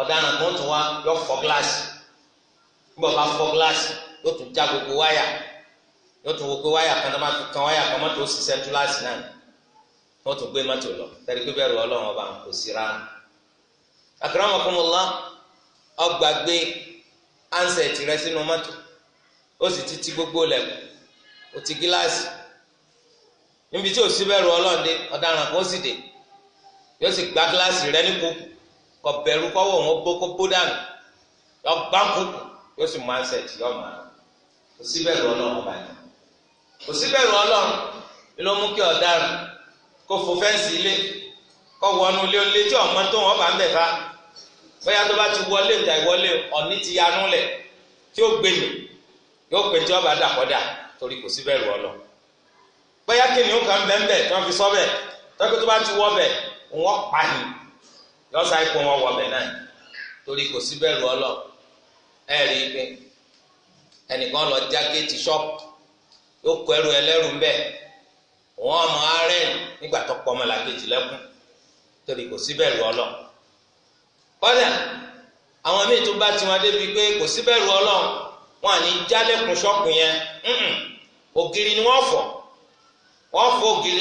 ọ̀daràn kan tún wá yọ fọ́ gíláàsì gbọ́dọ̀ bá fọ́ gíláàsì yóò tún já gbogbo wáyà yóò tún wo pé wáyà kan tó máa fi kan wáyà kan mọ́tò ó sì sẹ́ńtúláàsì náà wọ́n tún gbé mọ́tò lọ tẹ́lẹ̀ pé bẹ́ẹ̀ ọlọ́run ọba kò sí rárá. akramakumullah ọgbàgbé ansẹ̀tì rẹ sínú mọ́tò gbogbo lẹ̀kùn ó ti gíláàsì níbi tí ò sí bẹ́ẹ̀ ọlọ́run dé ọ̀daràn kan sì dé yóò sì gba gíláàsì rẹ bẹ̀rù kọ́wọ́ yọ yóò sì mú yọ kò sí ọlọ́run ọba yẹn kò kó fo fẹ́ǹsì ilé kó wọnú ilé ilé tí ọmọ tó wọn bá ń bẹ̀ fa bóyá tó bá ti wọlé ìjà ìwọlé ọ̀ní ti yanú lẹ̀ tí ó gbé mi yóò pè tí ọba dàkọ́dà torí kò sí bẹ́ẹ̀ rú ọ lọ bóyá kìnìún kan bẹ́ẹ̀ bẹ́ẹ̀ tí wọ́n fi sọ bẹ́ẹ̀ tọ́kí tó bá ti wọ́ bẹ́ẹ̀ wọ́n pa ni yọ́sà ipò wọn wọ̀ bẹ́ẹ̀ náà torí kò sí bẹ́ẹ̀ rú ọ lọ ẹ rí i pé ẹnìkan lọ já géètì ṣọ́ọ̀pù yóò kọ ẹrù ẹlẹ́rù bẹ́ẹ̀ wọn ọmọ ààrẹ nígbà tó pọ̀ ọmọ làkejì lẹ́kùn torí kò sí bẹ̀rù ọlọ́run àwọn míì tó bá tiwọn débi pé kò sí bẹ̀rù wọn à ní jálẹ̀kùn yẹn ògiri ni wọ́n wọ́n ògiri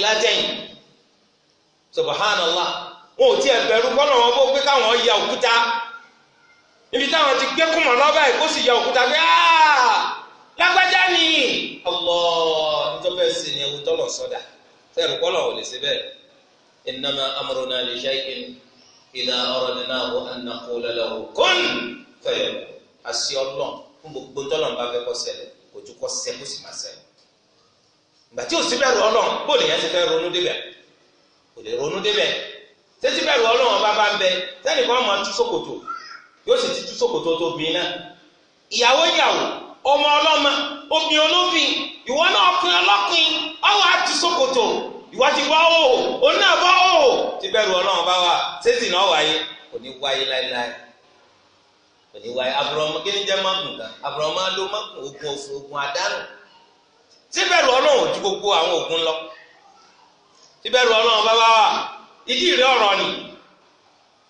subhanallah wọn ò kọ́nà wọn bó káwọn ya òkúta táwọn ti gbé kùmọ̀ lọ́bàá tó bẹ́ẹ̀ sí ni ewu tọ́lọ̀ sọ́dà sẹ́yìn kọ́lọ̀ ò lè ṣe bẹ́ẹ̀ innama amruna li shay'in idha aradnahu an naqula lahu kun fayakun àṣì ọlọ́n fún gbogbo tọ́lọ̀ bá fẹ́ kó ṣẹlẹ̀ kò tún kó ṣẹ kó sì máa ṣẹlẹ̀ ìgbà tí ò sí bẹ́ẹ̀ rọ bó lè yẹn ti fẹ́ ronú débẹ̀ kò lè ronú débẹ̀ tẹ́tí bẹ́ẹ̀ rọ ọlọ́n bá ń bẹ sẹ́nìkan máa tú sókòtò yóò sì ti tú sókòtò tó bí iná ìyàwó yàwó ọmọ ọlọma obìnrin olóbìn ìwọ náà pin ọlọ́pin ọwọ́ àti ṣòkòtò ti bá òhò ti bẹ̀rù ọlọ́run bá wà sétí náà wáyé kò ní wáyé láéláé kò ní wáyé àbùrọ̀mọ kí ni jẹ́ mágùn gan ogun ogun ju gbogbo àwọn ogun lọ bá ìdí ni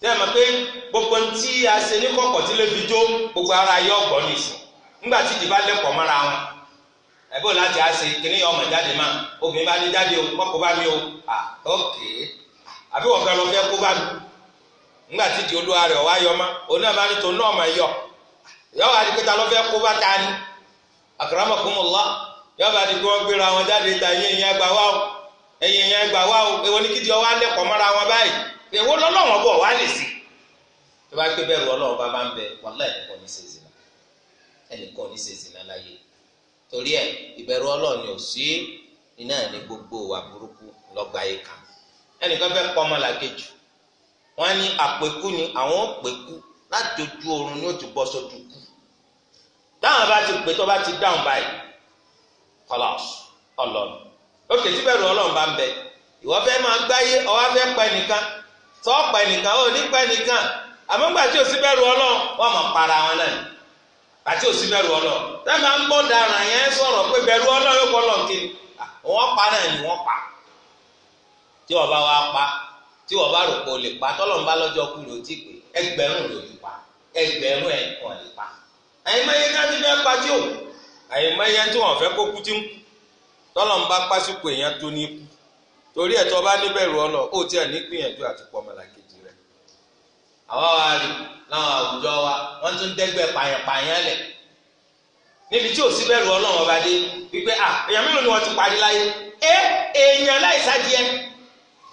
tẹ́ ẹ mọ̀ pé gbogbo ntí a ṣe ní ara yẹ ọ̀gbọ́n ní ìsìn nígbà tí ìdìbò alẹ́ pọ̀ mọ́ra wọn ẹ̀bùn láti á ṣe ọmọ jáde máa obìnrin ní jáde o kọ́kọ́ mi o àbí wọ́n fẹ́ lọ fẹ́ kó bá mi nígbà tí olúwa rẹ̀ wá ma òun náà ní náà yọ yọ wá di pé ta ló fẹ́ kó bá ta ni yọ bá di pé wọ́n jáde ta ẹ̀yìn ẹ̀yìn wá o ẹ̀yìn ẹ̀yìn èwo lọ́lọ́wọ́n bọ̀ wá lè sí tó bá pé bẹ́ẹ̀ rú ọlọ́wọ́n bá bá ń bẹ wàhálà ẹ̀ kọ́ ní ṣe zina ẹnì kọ́ ní ṣe zina láyé torí ẹ ìbẹ̀rù ọlọ́run ni ò sí iná ní gbogbo wa burúkú lọ́gbà yìí kan ẹnìkan fẹ́ pọ́ ọmọ làkejì wọ́n ní àpèkú ni àwọn òpèkú láti ojú oorun ni ó ti bọ́ sójú kú táwọn bá ti pè tó bá ti dáhùn báyìí kọlọ́s ọlọ́run ó kè síbẹ̀rù ọlọ́run bá ń bẹ ìwọ fẹ́ máa gbáyé ọwọ́ fẹ́ pa ẹnìkan sọ ẹnìkan ó nípa ẹnìkan àmọ́ gbà tí ò wọ́n mọ̀ para wọn náà gbà tí ò ń dara yẹn sọ̀rọ̀ pé yóò kọ́ lọ́ọ̀kì wọ́n pa náà ni wọ́n pa tí wọ́n bá wá lè pa tọ́lọ̀ ń bá lọ́jọ́ kú ló ti pè ẹgbẹ̀rún ló lè pa ẹgbẹ̀rún lè pa ti fẹ́ pa tí ò torí ẹ̀ bá níbẹ̀rù ọ̀nà ó tiẹ̀ nígbìyànjú àti pọ̀mọ́lá rẹ̀ àwọn wa rí láwọn àwùjọ wa wọ́n tún dẹ́gbẹ́ pààyàn lẹ̀ níbi tí ò sí bẹ̀rù ọlọ́run ọba dé wípé à èèyàn mélòó ni wọ́n ti parí láyé ẹ èèyàn nígbà tí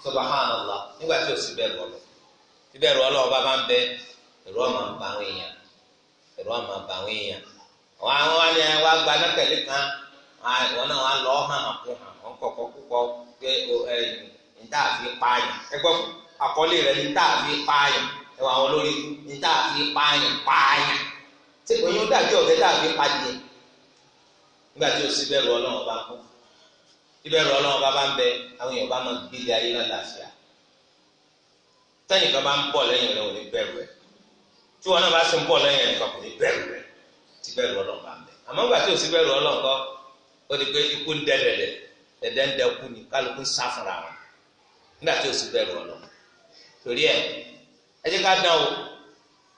ọba ba àwọn èèyàn ẹ̀rọ ń àwọn èèyàn wa gba kan àwọn náà hàn kó hàn pé níta àfi pààyàn ẹgbẹ́ àkọlé rẹ̀ níta àfi pààyàn ẹwà àwọn olórí níta àfi pààyàn pààyàn tí kò yín ó dàbí ọ̀bẹ tá àfi pàdé nígbà tí o sì bẹ̀rù ọlọ́run bá kú ìbẹ̀rù ọlọ́run bá bá ń bẹ àwọn èèyàn bá máa gbélé ayé lálàáfíà tẹ́nìkan bá ń bọ̀ lẹ́yìn rẹ̀ ò ní bẹ̀rù ẹ̀ tí wọn náà bá sì ń bọ̀ lẹ́yìn ẹnìkan kò ní bẹ̀rù rẹ̀ tí bẹ̀rù ọlọ́run bá ń bẹ àmọ́ nígbà tí o sì bẹ̀rù ọlọ́run kọ́ ó di pé ikú ń dẹ́dẹ̀dẹ̀ dẹdẹndẹkù ni kálukú sá fúnra wọn nígbà tí o sì bẹ̀rù ọlọ torí ẹ ẹ jẹ́ ká dán o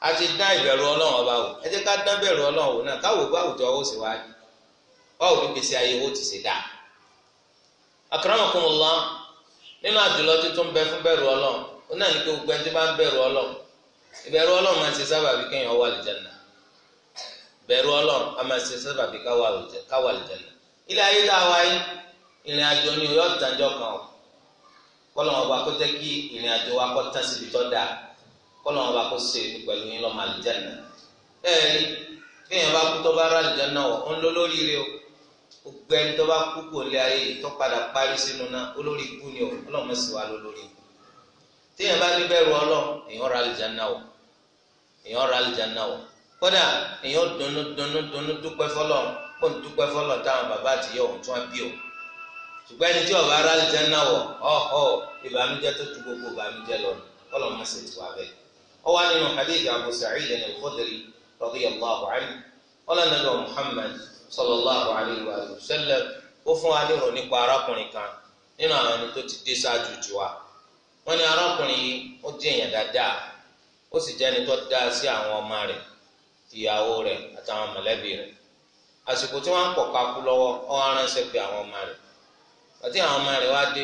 a ti dán ìbẹ̀rù Ọlọ́run ọba o ẹ jẹ́ ká dán bẹ̀rù Ọlọ́run o náà káwọ bá àwùjọ owó sì wáyé báwo ní gbèsè ayé owó ti ṣe dáa akramakumullah nínú àdúlọ tuntun bẹ fún bẹ̀rù Ọlọ́run ó náà ní pé gbogbo ẹni bá ń bẹ̀rù Ọlọ́run ìbẹ̀rù Ọlọ́run máa ń ṣe sábàbí kéèyàn wà lìjẹnà bẹ̀rù Ọlọ́run a máa ń ṣe sábàbí káwà lìjẹnà ilé ayé dáa wáyé ìrìn àjò ni yóò tàjọ kan o kọlọ́n ọba kó jẹ́ kí ìrìn àjò wa kọ́ tán síbi tó dáa kọlọ́n ọba kó ṣe ètò pẹ̀lú yín lọ́mọ àlùjáná ẹ rí kéèyàn bá kú tó bá rà àlùjáná wọ̀ ń lọ lórí rẹ o gbogbo ẹni tó bá kú kò lé ayé tó padà parí sínú náà olórí ikú ni o ọlọ́mọ sì wà lólórí téèyàn bá ní bẹ̀rù ọlọ́run èèyàn rà àlùjáná wọ̀ èèyàn rà àlùjáná wọ̀ kódà èèyàn dunnú dunnú dunnú dúpẹ́ fọlọ́run pọ̀ ń dúpẹ́ fọlọ́run táwọn bàbá àtìyẹ́ òun tún á bí òun ṣùgbọ́n ẹni tí ọba ara lè jẹ́ náà wọ̀ ọ̀họ́ ìbànújẹ́ tó ju gbogbo ìbànújẹ́ lọ kọ́lọ̀ máa ṣe tù abẹ́. ó wá nínú hadith Abu Sa'id al-Khudri radiyallahu anhu qala nabi Muhammad sallallahu alayhi wa sallam ó fún wa nírò nípa arákùnrin kan nínú àwọn ẹni tó ti dé ṣáájú jù wa. wọ́n ní arákùnrin yìí ó jẹ́ èèyàn dáadáa ó sì jẹ́ tó dáa sí àwọn ọmọ rẹ̀ ìyàwó rẹ̀ àtàwọn mọ̀lẹ́bí rẹ̀ àsìkò tí wọ́n ń pọ̀ kakú lọ́wọ́ ọ́ aránṣẹ́ pé àwọn ọmọ rẹ̀ àti àwọn ọmọ rẹ̀ wá dé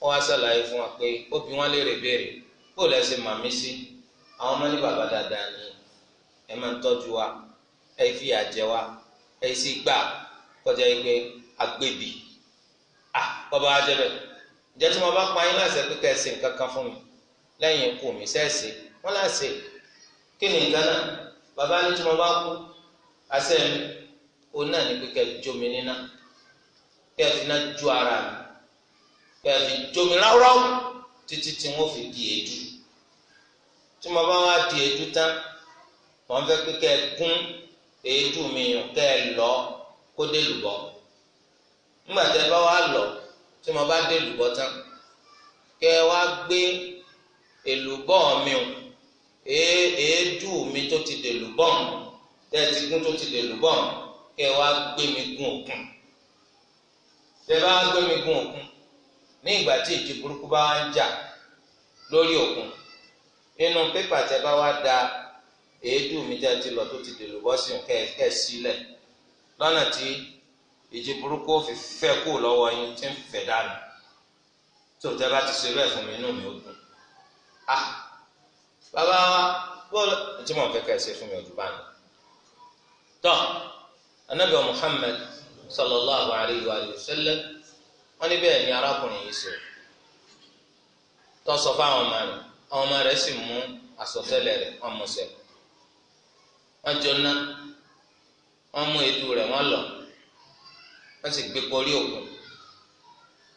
wọ́n wá sàlàyé fún wa pé ó bi wọ́n léèrè béèrè kó o lẹ́sìn màmí sí àwọn ọmọ ní bàbá dáadáa ni ẹ máa ń tọ́jú wa ẹ fi àjẹ wa ẹ sì gbà kọjá yìí pé agbèbí à bàbá wa jẹ́bẹ̀ ǹjẹ́ tí mo bá pa yín láṣẹ pé kẹ́sìn kankan fún mi lẹ́yìn ikú mi sẹ́ẹ̀sì wọ́n láṣẹ kí ni nǹkan náà bàbá ní tí mo bá kú àṣẹ mi òun náà ní pé kẹ́ jómi níná kí ẹ fi iná ju ara mi kí ẹ fi jomi ráúráú títí tí wọ́n fi di èédú tí mo bá wá di èédú tán wọ́n fẹ́ pé kẹ́ ẹ kún èédú mi yàn kẹ́ ẹ lọ kó dé lùbọ́ nígbà tẹ́ ẹ bá wá lọ tí mo bá dé lùbọ́ tán kẹ́ ẹ wá gbé èlùbọ́ mi o èédú mi tó ti dèlùbọ́ tẹ́ ẹ kún tó ti dèlùbọ́ kẹ́ ẹ wá gbé mi kún òkun tẹ́lá gbẹ́mi gun òkun ní ìgbà tí ìjì burúkú bá ń jà lórí òkun nínú pépà tẹ́ bá wá da èédú mi jẹ́ ti lọ tó ti dèrò bọ́sì kẹ́ sílẹ̀ lọ́nà tí ìjì burúkú ó fi fẹ́ kú lọ́wọ́ yín tí ń fẹ́ dànù tó tẹ́ bá ti ṣe bẹ́ẹ̀ fún mi inú mi ó dùn a ah! bàbá wa bọ́ọ̀lù tí mo fẹ́ ṣe fún mi ojú bá mi tán anabi Muhammad sallallahu alayhi wa sallam wọ́n ní bẹ́ẹ̀ ni arákùnrin yìí ṣe tó sọ fáwọn ọmọ rẹ̀ àwọn ọmọ rẹ̀ sì mú àsọtẹ́lẹ̀ rẹ̀ wọ́n mú ṣẹ wọ́n jóná wọ́n mú edu rẹ̀ wọ́n lọ wọ́n sì gbé pọlí òkun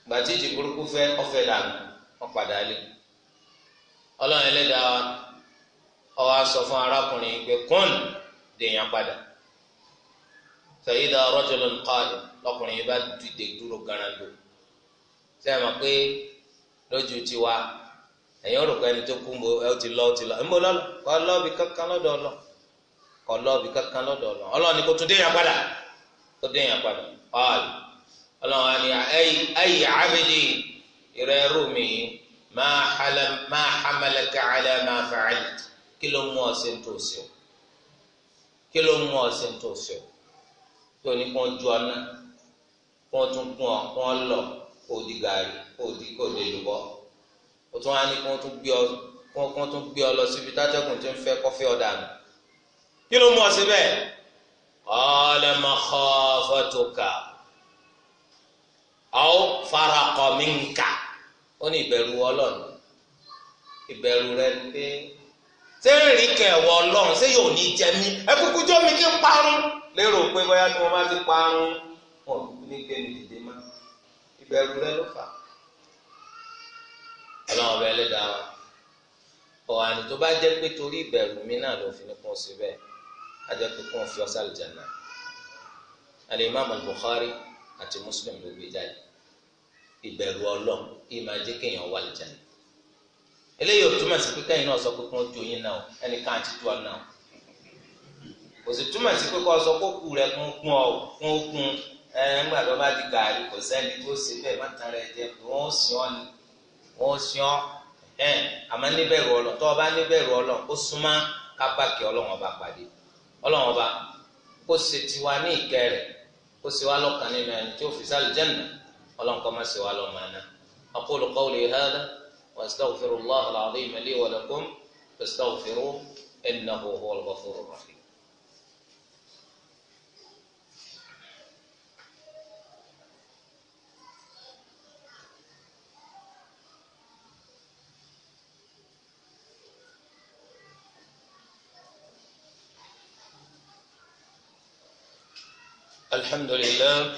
gbàtí ìjì burúkú fẹ́ ọ̀fẹ́ dànù wọ́n padà lé Ọlọ́run Ẹlẹ́dàá ọwọ asọ fún arákùnrin pé kọ́ọ̀nù dèèyàn padà fẹ̀yìdà rọ́jòló nǹkan lọkùnrin yìí bá dìde dúró garando ṣé ẹ mọ̀ pé lójú tiwa ẹ̀yin òrùka ẹni tó kú ẹ ti lọ ti lọ ẹ̀ ń bọ̀ lọ́lọ́ kọ́ lọ́ọ̀bì kankan lọ́dọ̀ ọlọ́ kọ́ lọ́ọ̀bì kankan lọ́dọ̀ ọlọ́ ọlọ́ọ̀ni kò tún déyàn padà kò déyàn padà ọ̀ọ́lù ọlọ́wọ́n ni ayi abidi ìrẹ́ rúmi máa hamalaka ala máa fa'alta kí ló mú ọ sí ntòsí kí ló mú ọ sí ntòsí o tó ní kó ju ọ̀nà kó tún kún ọ kó lọ kó di gàrí kó di kó di lùbọ́ ó tún wá ní kó tún gbé ọ kó kó tún gbé ọ lọ síbi tátẹ́kùn tí ń fẹ́ kọ́fẹ́ ọ̀dà nù kí ló mú ọ síbẹ̀ qala makhafatuka aw faraqa minka ó ní ìbẹ̀rù ọlọ́run ìbẹ̀rù rẹ pé sẹ́ẹ̀rì kẹwọ́ ọlọ́run sẹ́yìn ò ní jẹ mí ẹ kúkú jọ́ mi kí n parun lérò pé bóyá tí wọ́n bá ti parun wọn ò ní gbé mi dìde má ìbẹ̀rù rẹ ló fà. ọlọ́run ọbẹ̀ ẹlẹ́dàá wa ọ̀hánì tó bá jẹ́ pé torí ìbẹ̀rù mi náà ló fi ní kún sí bẹ́ẹ̀ á jẹ́ pé kún fi ọ̀sán àlùjáná alimami Bukhari àti Muslim ló gbé jáde ìbẹ̀rù ọlọ́run yìí máa jẹ́ kéèyàn wà àlùjáná eléyìí ò túmọ̀ sí pé kẹ́yìn náà sọ pé kún ojú yín náà ẹnì kan àti tú náà kò sì túmọ̀ sí pé kó sọ kó kú rẹ kún kún ọ kún kún ẹ ńgbà tó bá di gàrí kò sẹ́ni tó ṣe bẹ́ẹ̀ má tan rẹ jẹ wọ́n sìn ọ́ ni wọ́n sìn ọ́ ẹ̀ àmọ́ níbẹ̀rù ọlọ tó o bá níbẹ̀rù ọlọ ó súnmọ́ kápákì ọlọ́wọ́n ọba pàdé ọlọ́wọ́n ọba kó ṣe tiwa ní ìkẹ́ rẹ̀ kó ṣe wá lọ́kàn nínú ẹni tí ó fi sálù jẹ́nà ọlọ́wọ́n kọ́ má ṣe wá lọ́ọ́ máa ná aqulu qawli hadha الحمد لله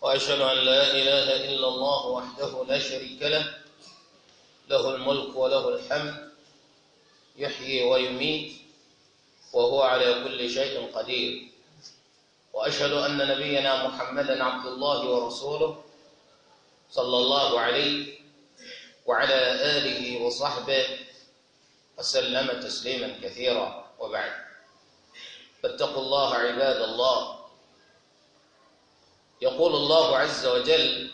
وأشهد أن لا إله إلا الله وحده لا شريك له له الملك وله الحمد يحيي ويميت وهو على كل شيء قدير وأشهد أن نبينا محمدا عبد الله ورسوله صلى الله عليه وعلى آله وصحبه وسلم تسليما كثيرا وبعد فاتقوا الله عباد الله يقول الله عز وجل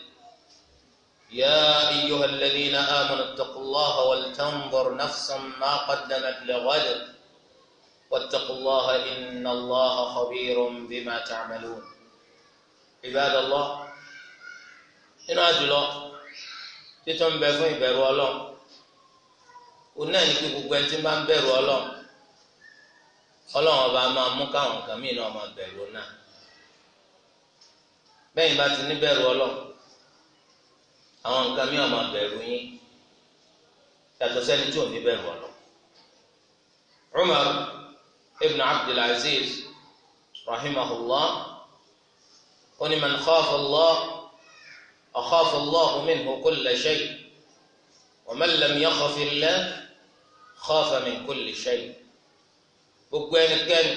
يا ايها الذين امنوا اتقوا الله ولتنظر نفس ما قدمت لغد واتقوا الله ان الله خبير بما تعملون عباد الله ان اجل títún bẹ fún الله Ọlọ́run òun náà ní الله ọlọ́run ọba máa mú káwọn nǹkan míì náà máa bẹ̀rù náà bẹ́ẹ̀ bá ti ní bẹ̀rù ọlọ́run àwọn nǹkan míì máa bẹ̀rù yín yàtọ̀ sẹ́ni tí ò ní bẹ̀rù ọlọ́run. Umar ibn Abdul Aziz rahimahullah ó ní man khafa Allah akhafa Allah minhu kulla shay wa man lam yakhaf Allah khafa min kulli shay. gbogbo ẹnikẹ́ni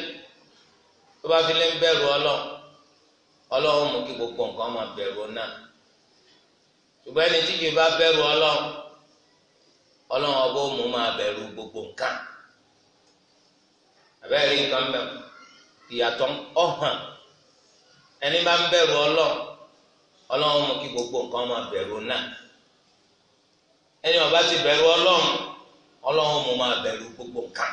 tó bá fi lé ń bẹ̀rù ọlọ́run ọlọ́run mú kí gbogbo nǹkan máa bẹ̀rù náà ṣùgbọ́n ẹni tí kìí bá bẹ̀rù ọlọ ọba mú máa gbogbo nǹkan àbẹ́rẹ́ nǹkan mẹ́wọ́ ìyàtọ̀ ọ̀hàn ẹni bá ń bẹ̀rù ọlọ́run ọlọ́run mú gbogbo nǹkan máa bẹ̀rù náà ẹni ọba ti mú máa gbogbo nǹkan.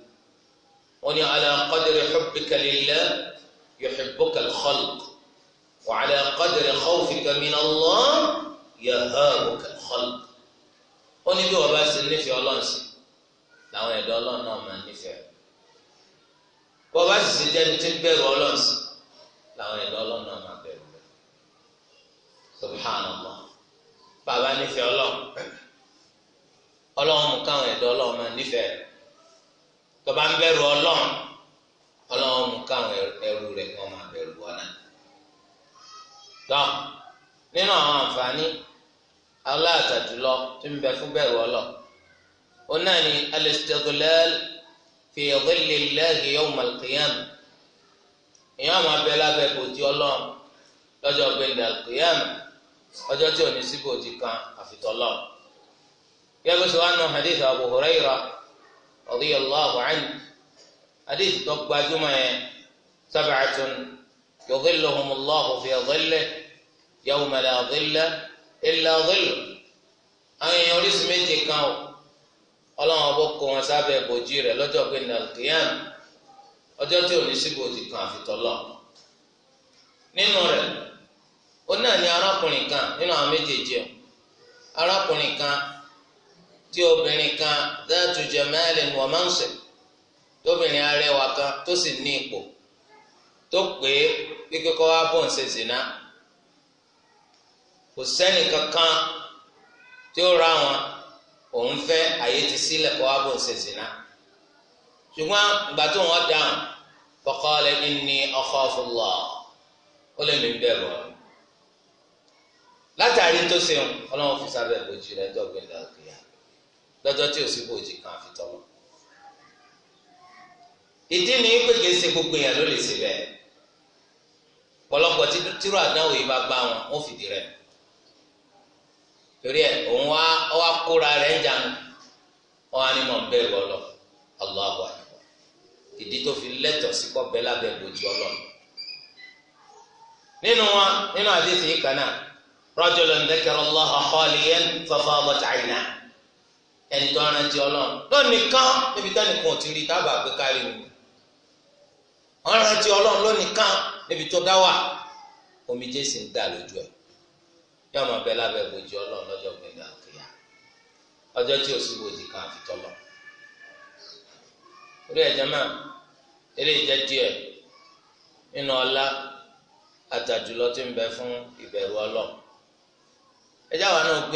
وني على قدر حبك لله يحبك الخلق وعلى قدر خوفك من الله يهابك الخلق وني بيو بس النفي الله سي لعون يدو الله نوم النفي وباس سجن تنبير الله سي لعون يدو الله نعم النفي سبحان الله بابا نفي الله ọlọ́run mú káwọn ẹ̀dọ́ ọlọ́run máa tọba ń bẹ̀rù Ọlọ́run Ọlọ́run mú káwọn ẹrú rẹ̀ kọ máa bẹ̀rù ọlá tọ nínú àwọn àǹfààní aláàtàjùlọ tí ń bẹ fún bẹ̀rù ọlọ ọ̀nà ni al-istidlal fi dhillallahi yawm al-qiyamah èèyàn máa bẹ lábẹ́ bòjì lọ́jọ́ gbẹndẹ al ọjọ́ tí ò ní sí kan àfitọlọ yẹ kó sọ wá nù hadith Abu radiyallahu anhu hadith tó gbajúmọ̀ yẹn sab'atun yudhilluhumullahu fi dhillihi yawma la dhilla illa dhilluhu àwọn èèyàn oríṣi méje kan o ọlọ́run ọbọ̀ kó wọn sábẹ́ bòjì rẹ̀ lọ́jọ́ pé nàìjíríàn ọjọ́ tí ò ní sí bòjì kan àfitọ́lọ́ nínú rẹ̀ ó náà ní arákùnrin kan nínú àwọn méjèèjì o arákùnrin kan tí obìnrin kan dáàtú jamalin wa mansib tóbìnrin arẹwà kan tó sì ní ipò tó pé kíkẹ́ kọ́ wá bọ̀ ń ṣe zina kò sẹ́ni kankan tí ó ra wọn òun fẹ́ àyè ti sílẹ̀ kọ́ wá bọ̀ ń ṣe zina ṣùgbọ́n ìgbà tó wọ́n dáhùn faqala inni akhafullah ó lè látàrí tó ọlọ́run fi sábẹ́ rẹ̀ dọ́gbìn lọ́jọ́ tí òsì bòjì kan àfi tọ́lọ̀. ìdí ni pé kìí ṣe gbogbo èèyàn ló lè ṣe bẹ́ẹ̀ pọ̀lọpọ̀ tírú àdánwò yìí bá bá wọn ó fìdí rẹ̀ torí ẹ òun wá wá kóra rẹ̀ ń jánu wọn á ní mọ̀ bẹ́ẹ̀ lọ́lọ́ Allahu akbar ìdí tó fi lẹ́tọ̀ọ́ sí kọ́ lábẹ́ bòjì ọlọ́run nínú wa nínú àdéhùn yìí kan náà rajulun dhakara Allaha khaliyan fafadat aynahu. ẹni tó rántí ọlọ́run lónìkan níbi tẹ́nìkan ò ti rí tábà gbé kárí o wọ́n rántí ọlọ́run níbi tó dá wà omijé sì ń dà lójú yóò máa bẹ lábẹ ìbòjì ọlọ́run lọ́jọ́ gbẹ̀ngà òkèèyà ọjọ́ tí ò sí kan àfi orí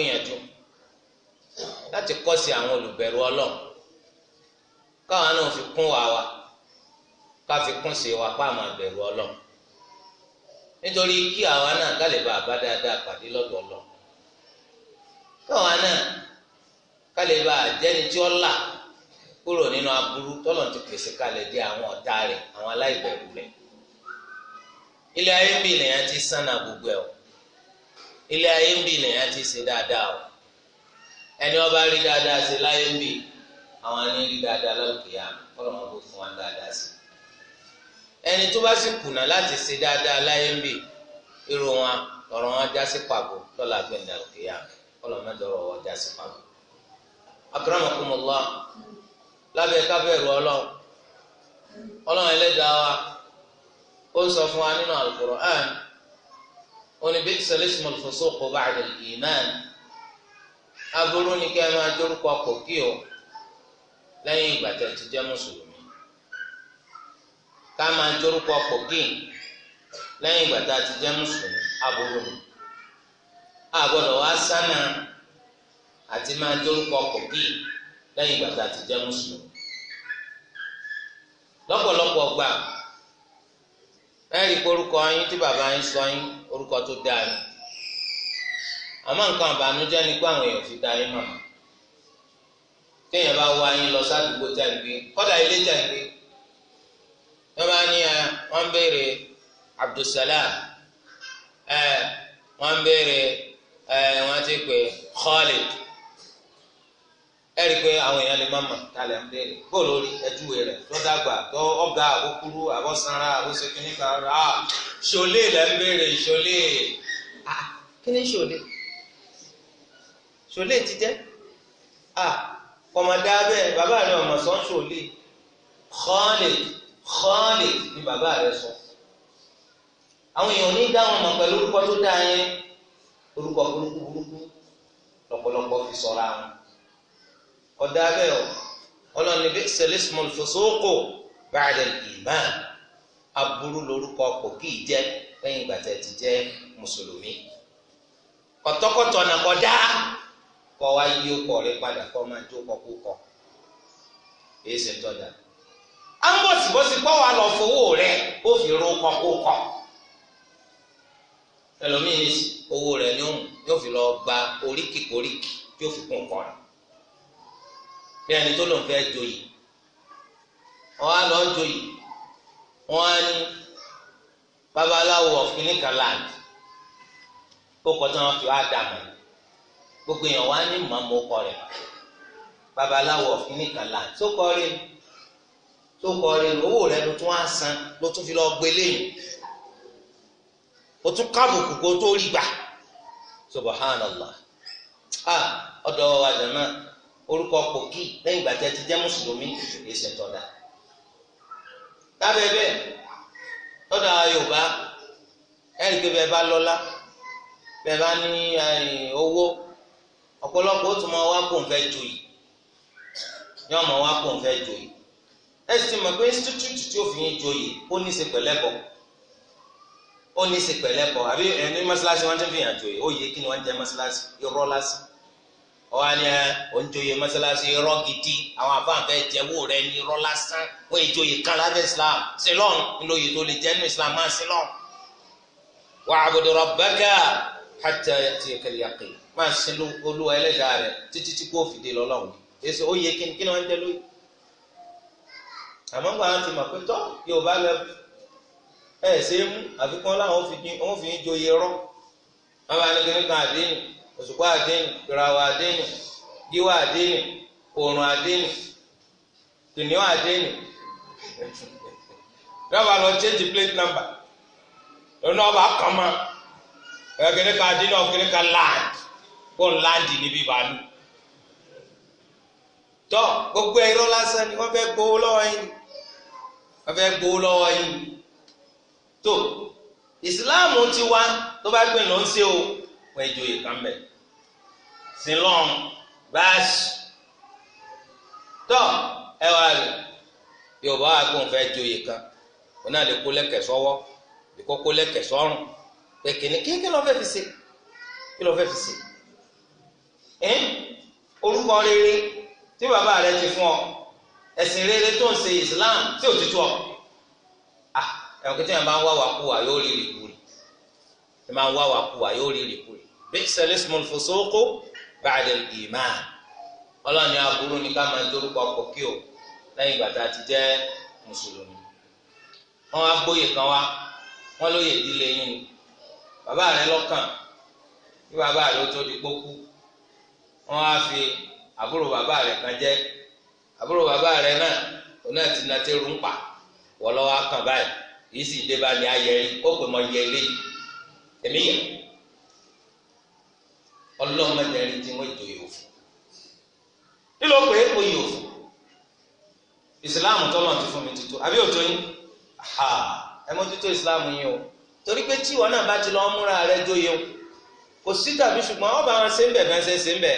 eré fún láti kọ́ sí àwọn olùbẹ̀rù ọlọ́run káwọn náà fi kún wa wa ká fi kún sí wa pa àwọn nítorí kí àwa náà ká bá bá dáadáa pàdé lọ́dọ̀ ọlọ́run náà ká bá jẹ́ni tí ó là kúrò nínú aburú tọ́lọ̀ ti pèsè dé àwọn ọ̀tá ilé ayé ń bì o ẹni ọba rí dáadáa sí láyé ń bì àwọn ẹni rí dáadáa lọ́kìá kọ́lọ̀ wọn kò fún wa dáadáa sí. ẹni tó bá sì kùnà láti ṣe dáadáa láyé ń bì irú wọn lọ́rọ̀ wọn já sí pàgọ́ lọ́la gbẹ̀ndà lọ́kìá kọ́lọ̀ wọn dọ̀rọ̀ wọn já sí pàgọ́. akramakumullah lábẹ́ kábẹ́rù ọlọ́run ọlọ́run ẹlẹ́dàá wa ó sọ fún wa nínú al-Qur'an ní bi'sal ismul fusuq ba'da al-iman aburú ni kí ẹ máa dórúkọ pọ̀ kí o lẹ́yìn ìgbà tẹ̀ ti jẹ́ mùsùlùmí ká máa dórúkọ pọ̀ kí lẹ́yìn ìgbà tẹ̀ ti jẹ́ mùsùlùmí aburú ni àgbọ̀dọ̀ wá sánà àti máa dórúkọ pọ̀ kí lẹ́yìn ìgbà tẹ̀ ti jẹ́ mùsùlùmí lọ́pọ̀lọpọ̀ gbà ẹ̀rí pé orúkọ yín tí bàbá yín sọ yín orúkọ tó dáa ni àmọ́ nǹkan àbànújẹ́ ni pé àwọn èèyàn fi da yín mọ̀ téèyàn bá wá yín lọ sádùúgbò jáde kọ́dà ilé jáde wọ́n bá ní ẹ béèrè Abdulsalam ẹ wọ́n béèrè ẹ eh, eh, wọ́n ti pè Khalid ẹ rí i pé àwọn èèyàn lè má mọ̀ tá a lè ń béèrè bóòlù orí ẹjúwe rẹ̀ tó dàgbà tó ọ̀gá àbókúrú àbọ̀sánra àbóṣekínníkà rà ah, lẹ́ ń béèrè ṣọlé ah, kí ni ṣọlé sòlè ti jẹ́ à kọ̀mọ̀dá bẹ́ẹ̀ bàbá rẹ̀ ọ̀mọ̀ sọ́n sòlè Khalid Khalid ni bàbá rẹ̀ sọ àwọn èèyàn ní dáhùn mọ̀ pẹ̀lú orúkọ tó dáa yẹn orúkọ burúkú burúkú lọ́pọ̀lọpọ̀ fi sọ̀rọ̀ àwọn kọ̀dá bẹ́ẹ̀ o ọlọ́ni bí sẹ́lẹ̀sìmọ̀lù fòsókò báyìí ìmá aburú lórúkọ kò kì í jẹ́ lẹ́yìn ìgbà tẹ̀ ti jẹ́ mùsùlùmí kọ̀tọ́kọ̀tọ̀ nà kọ́ wá yí ọkọ̀ rẹ padà kọ́ máa jó kọkú kọ́ èyí ṣe á ń bọ̀sibọ́sí pọ́ wa lọ fowó rẹ ó fi ro kọkú kọ́ ẹlòmíín owó rẹ ni yóò fi lọ gba oríkìkoríkì yóò fi kún kọ́ rẹ bí ẹni tó lòun fẹ́ joyè wọ́n á lọ joyè wọ́n á ní babaláwo ọ̀fìnìkan ó kọ́ tí fi wá dà mọ́ gbogbo èèyàn wá ní màmú ọkọ rẹ̀ babaláwo nìkan tó kọ tó owó rẹ̀ ló tún á san ló tún fi lọ gbé lẹ́yìn o tún kábùkù kó tó rí gbà ah, orúkọ pòkì ìgbà tí ẹ ti jẹ mùsùlùmí ọ̀pọ̀lọpọ̀ ó tún máa wá kó nfẹ́ joyè yóò máa wá kó nfẹ́ joyè ẹ sì mọ̀ pé institute tí ó fi yín joyè ó ní í ṣe pẹ̀lẹ́bọ̀ ó ní í ṣe pẹ̀lẹ́bọ̀ àbí ẹni mọ́ṣáláṣí wọ́n ti fi yàn joyè ó yẹ kí ni wọ́n jẹ́ mọ́ṣáláṣí irọ́ lásì ọ̀hún ni òun joyè mọ́ṣáláṣí irọ́ gidi àwọn afáǹfẹ́ jẹ́wọ́ rẹ ní irọ́ lásán wọ́n yẹ joyè kan lábẹ́ Islam sílọ́ọ̀n ńlọyè tó lè jẹ́ nínú Islam máa sílọ́ọ̀n wa'budu rabbaka hatta ya'tiyakal yaqin máa sin olúwa ẹlẹ́dàá rẹ títí tí kò fìdí lọ́lọ́run èso ó yẹ kí ni kí ni wọ́n ń jẹ lóyè àmọ́ gbà wọn ti mọ̀ pé tọ́ yorùbá lẹ ẹ ṣe é mú àfikún láwọn òun fi ń joyè rọ wọn bá ní kí ní kan àdéhùn òṣùpá àdéhùn ìràwọ̀ àdéhùn gíwá àdéhùn òòrùn àdéhùn kìnìún àdéhùn yọba lọ change plate number lọ́nà ọba kàn mọ́ ẹ̀ kìnìún kan àdéhùn ọ̀kìnìún kan láàdì kó ń láǹdì níbi bàálù tọ gbogbo irọ́ lásán ni wọ́n fẹ́ gbowó lọ́wọ́ yín wọ́n fẹ́ gbowó lọ́wọ́ yín tó ìsìláàmù ti wá tó bá gbìn ló ń ṣe o wọ́n ẹjọ́ yìí kan bẹ̀ sílọ̀n báàsì tọ ẹ wá rẹ yorùbá wa kó n fẹ́ joyè kan wọn náà lè kó lẹ́kẹ̀ sọ́wọ́ lè kó kó lẹ́kẹ̀ sọ́rùn pé kìnnìkì kí ló fẹ́ fi ṣe kí ló fẹ́ fi ṣe ẹ́n orúkọ rere tí bàbá rẹ ti fún ọ ẹ̀sìn rere tó ń ṣe Islam tí ò ti tó ọ ah ẹ̀wọ̀n kìtìyàn máa ń wá wà kúwà yóò rí rìkú rì ẹ̀ máa ń wá wà kúwà yóò rí rìkú rì bi'sal ismul fusuqu ba'dal iman ọlọ́ni aburú ni ká máa ń dorúkọ ọkọ̀ kí o lẹ́yìn ìgbà tá a ti jẹ́ mùsùlùmí wọn wá gbóyè kan wá wọn lóye ìdílé yín ni bàbá rẹ lọ́kàn bí bàbá rẹ ó tó di pókú wọ́n á fi àbúrò bàbá rẹ̀ kan jẹ́ àbúrò bàbá rẹ̀ náà òun náà ti na tẹ́rù ń pa wọ́n lọ́wọ́ kàn báyìí yìí sì dé bá ní ayẹri ó pè mọ́ yẹ ilé yìí èmi yẹ ọlọ́mọdé rí tí wọ́n jòyè òfò kí ló pé oyè òfò ìsìláàmù tọ́lọ̀ ti fún mi tuntun àbí òtún yín ha ẹ mójútó ìsìláàmù yín o torí pé tí ìwọ náà bá ti lọ múra rẹ jóye o kò sí tàbí ṣùgbọ́n ọba wọn ṣe ń bẹ̀ bẹ́ẹ̀ ṣe ń bẹ̀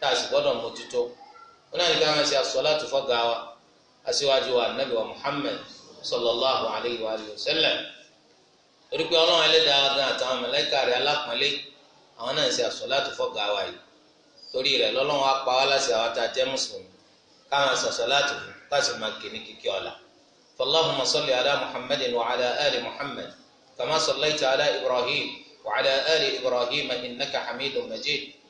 tá a sì gbọ́dọ̀ mójútó wọn náà ní ká máa ṣe as-salatu fọ́gà wa aṣíwájú wa anabi wa muhammed sallallahu alayhi wa sallam torí pé ọlọ́run ẹlẹ́dàá gan àtàwọn mẹlẹ́kà rẹ̀ alápọ̀nlé àwọn náà ń ṣe as-salatu fọ́gà wa yìí torí rẹ̀ lọ́lọ́run á pa wá láṣẹ àwọn tá a jẹ́ mùsùlùmí ká máa ṣe as-salatu káṣí máa kì kíkí ọ̀la fallahumma salli ala muhammadin wa ala ali muhammad kama sallaita ala ibrahim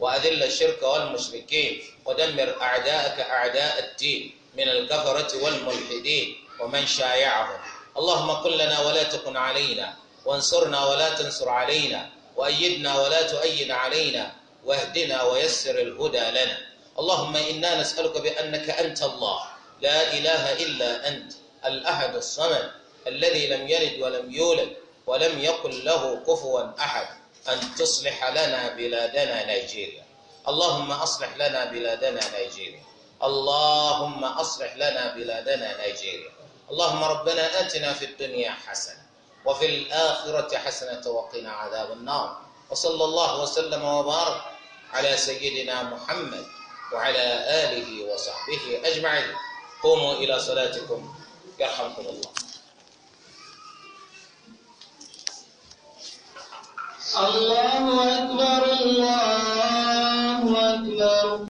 وأذل الشرك والمشركين ودمر أعداءك أعداء الدين من الكفرة والملحدين ومن شايعهم اللهم كن لنا ولا تكن علينا وانصرنا ولا تنصر علينا وأيدنا ولا تؤيد علينا واهدنا ويسر الهدى لنا اللهم إنا نسألك بأنك أنت الله لا إله إلا أنت الأحد الصمد الذي لم يلد ولم يولد ولم يقل له كفوا أحد أن تصلح لنا بلادنا نيجيريا اللهم أصلح لنا بلادنا نيجيريا اللهم أصلح لنا بلادنا نيجيريا اللهم ربنا آتنا في الدنيا حسنة وفي الآخرة حسنة وقنا عذاب النار وصلى الله وسلم وبارك على سيدنا محمد وعلى آله وصحبه أجمعين قوموا إلى صلاتكم يرحمكم الله الله أكبر الله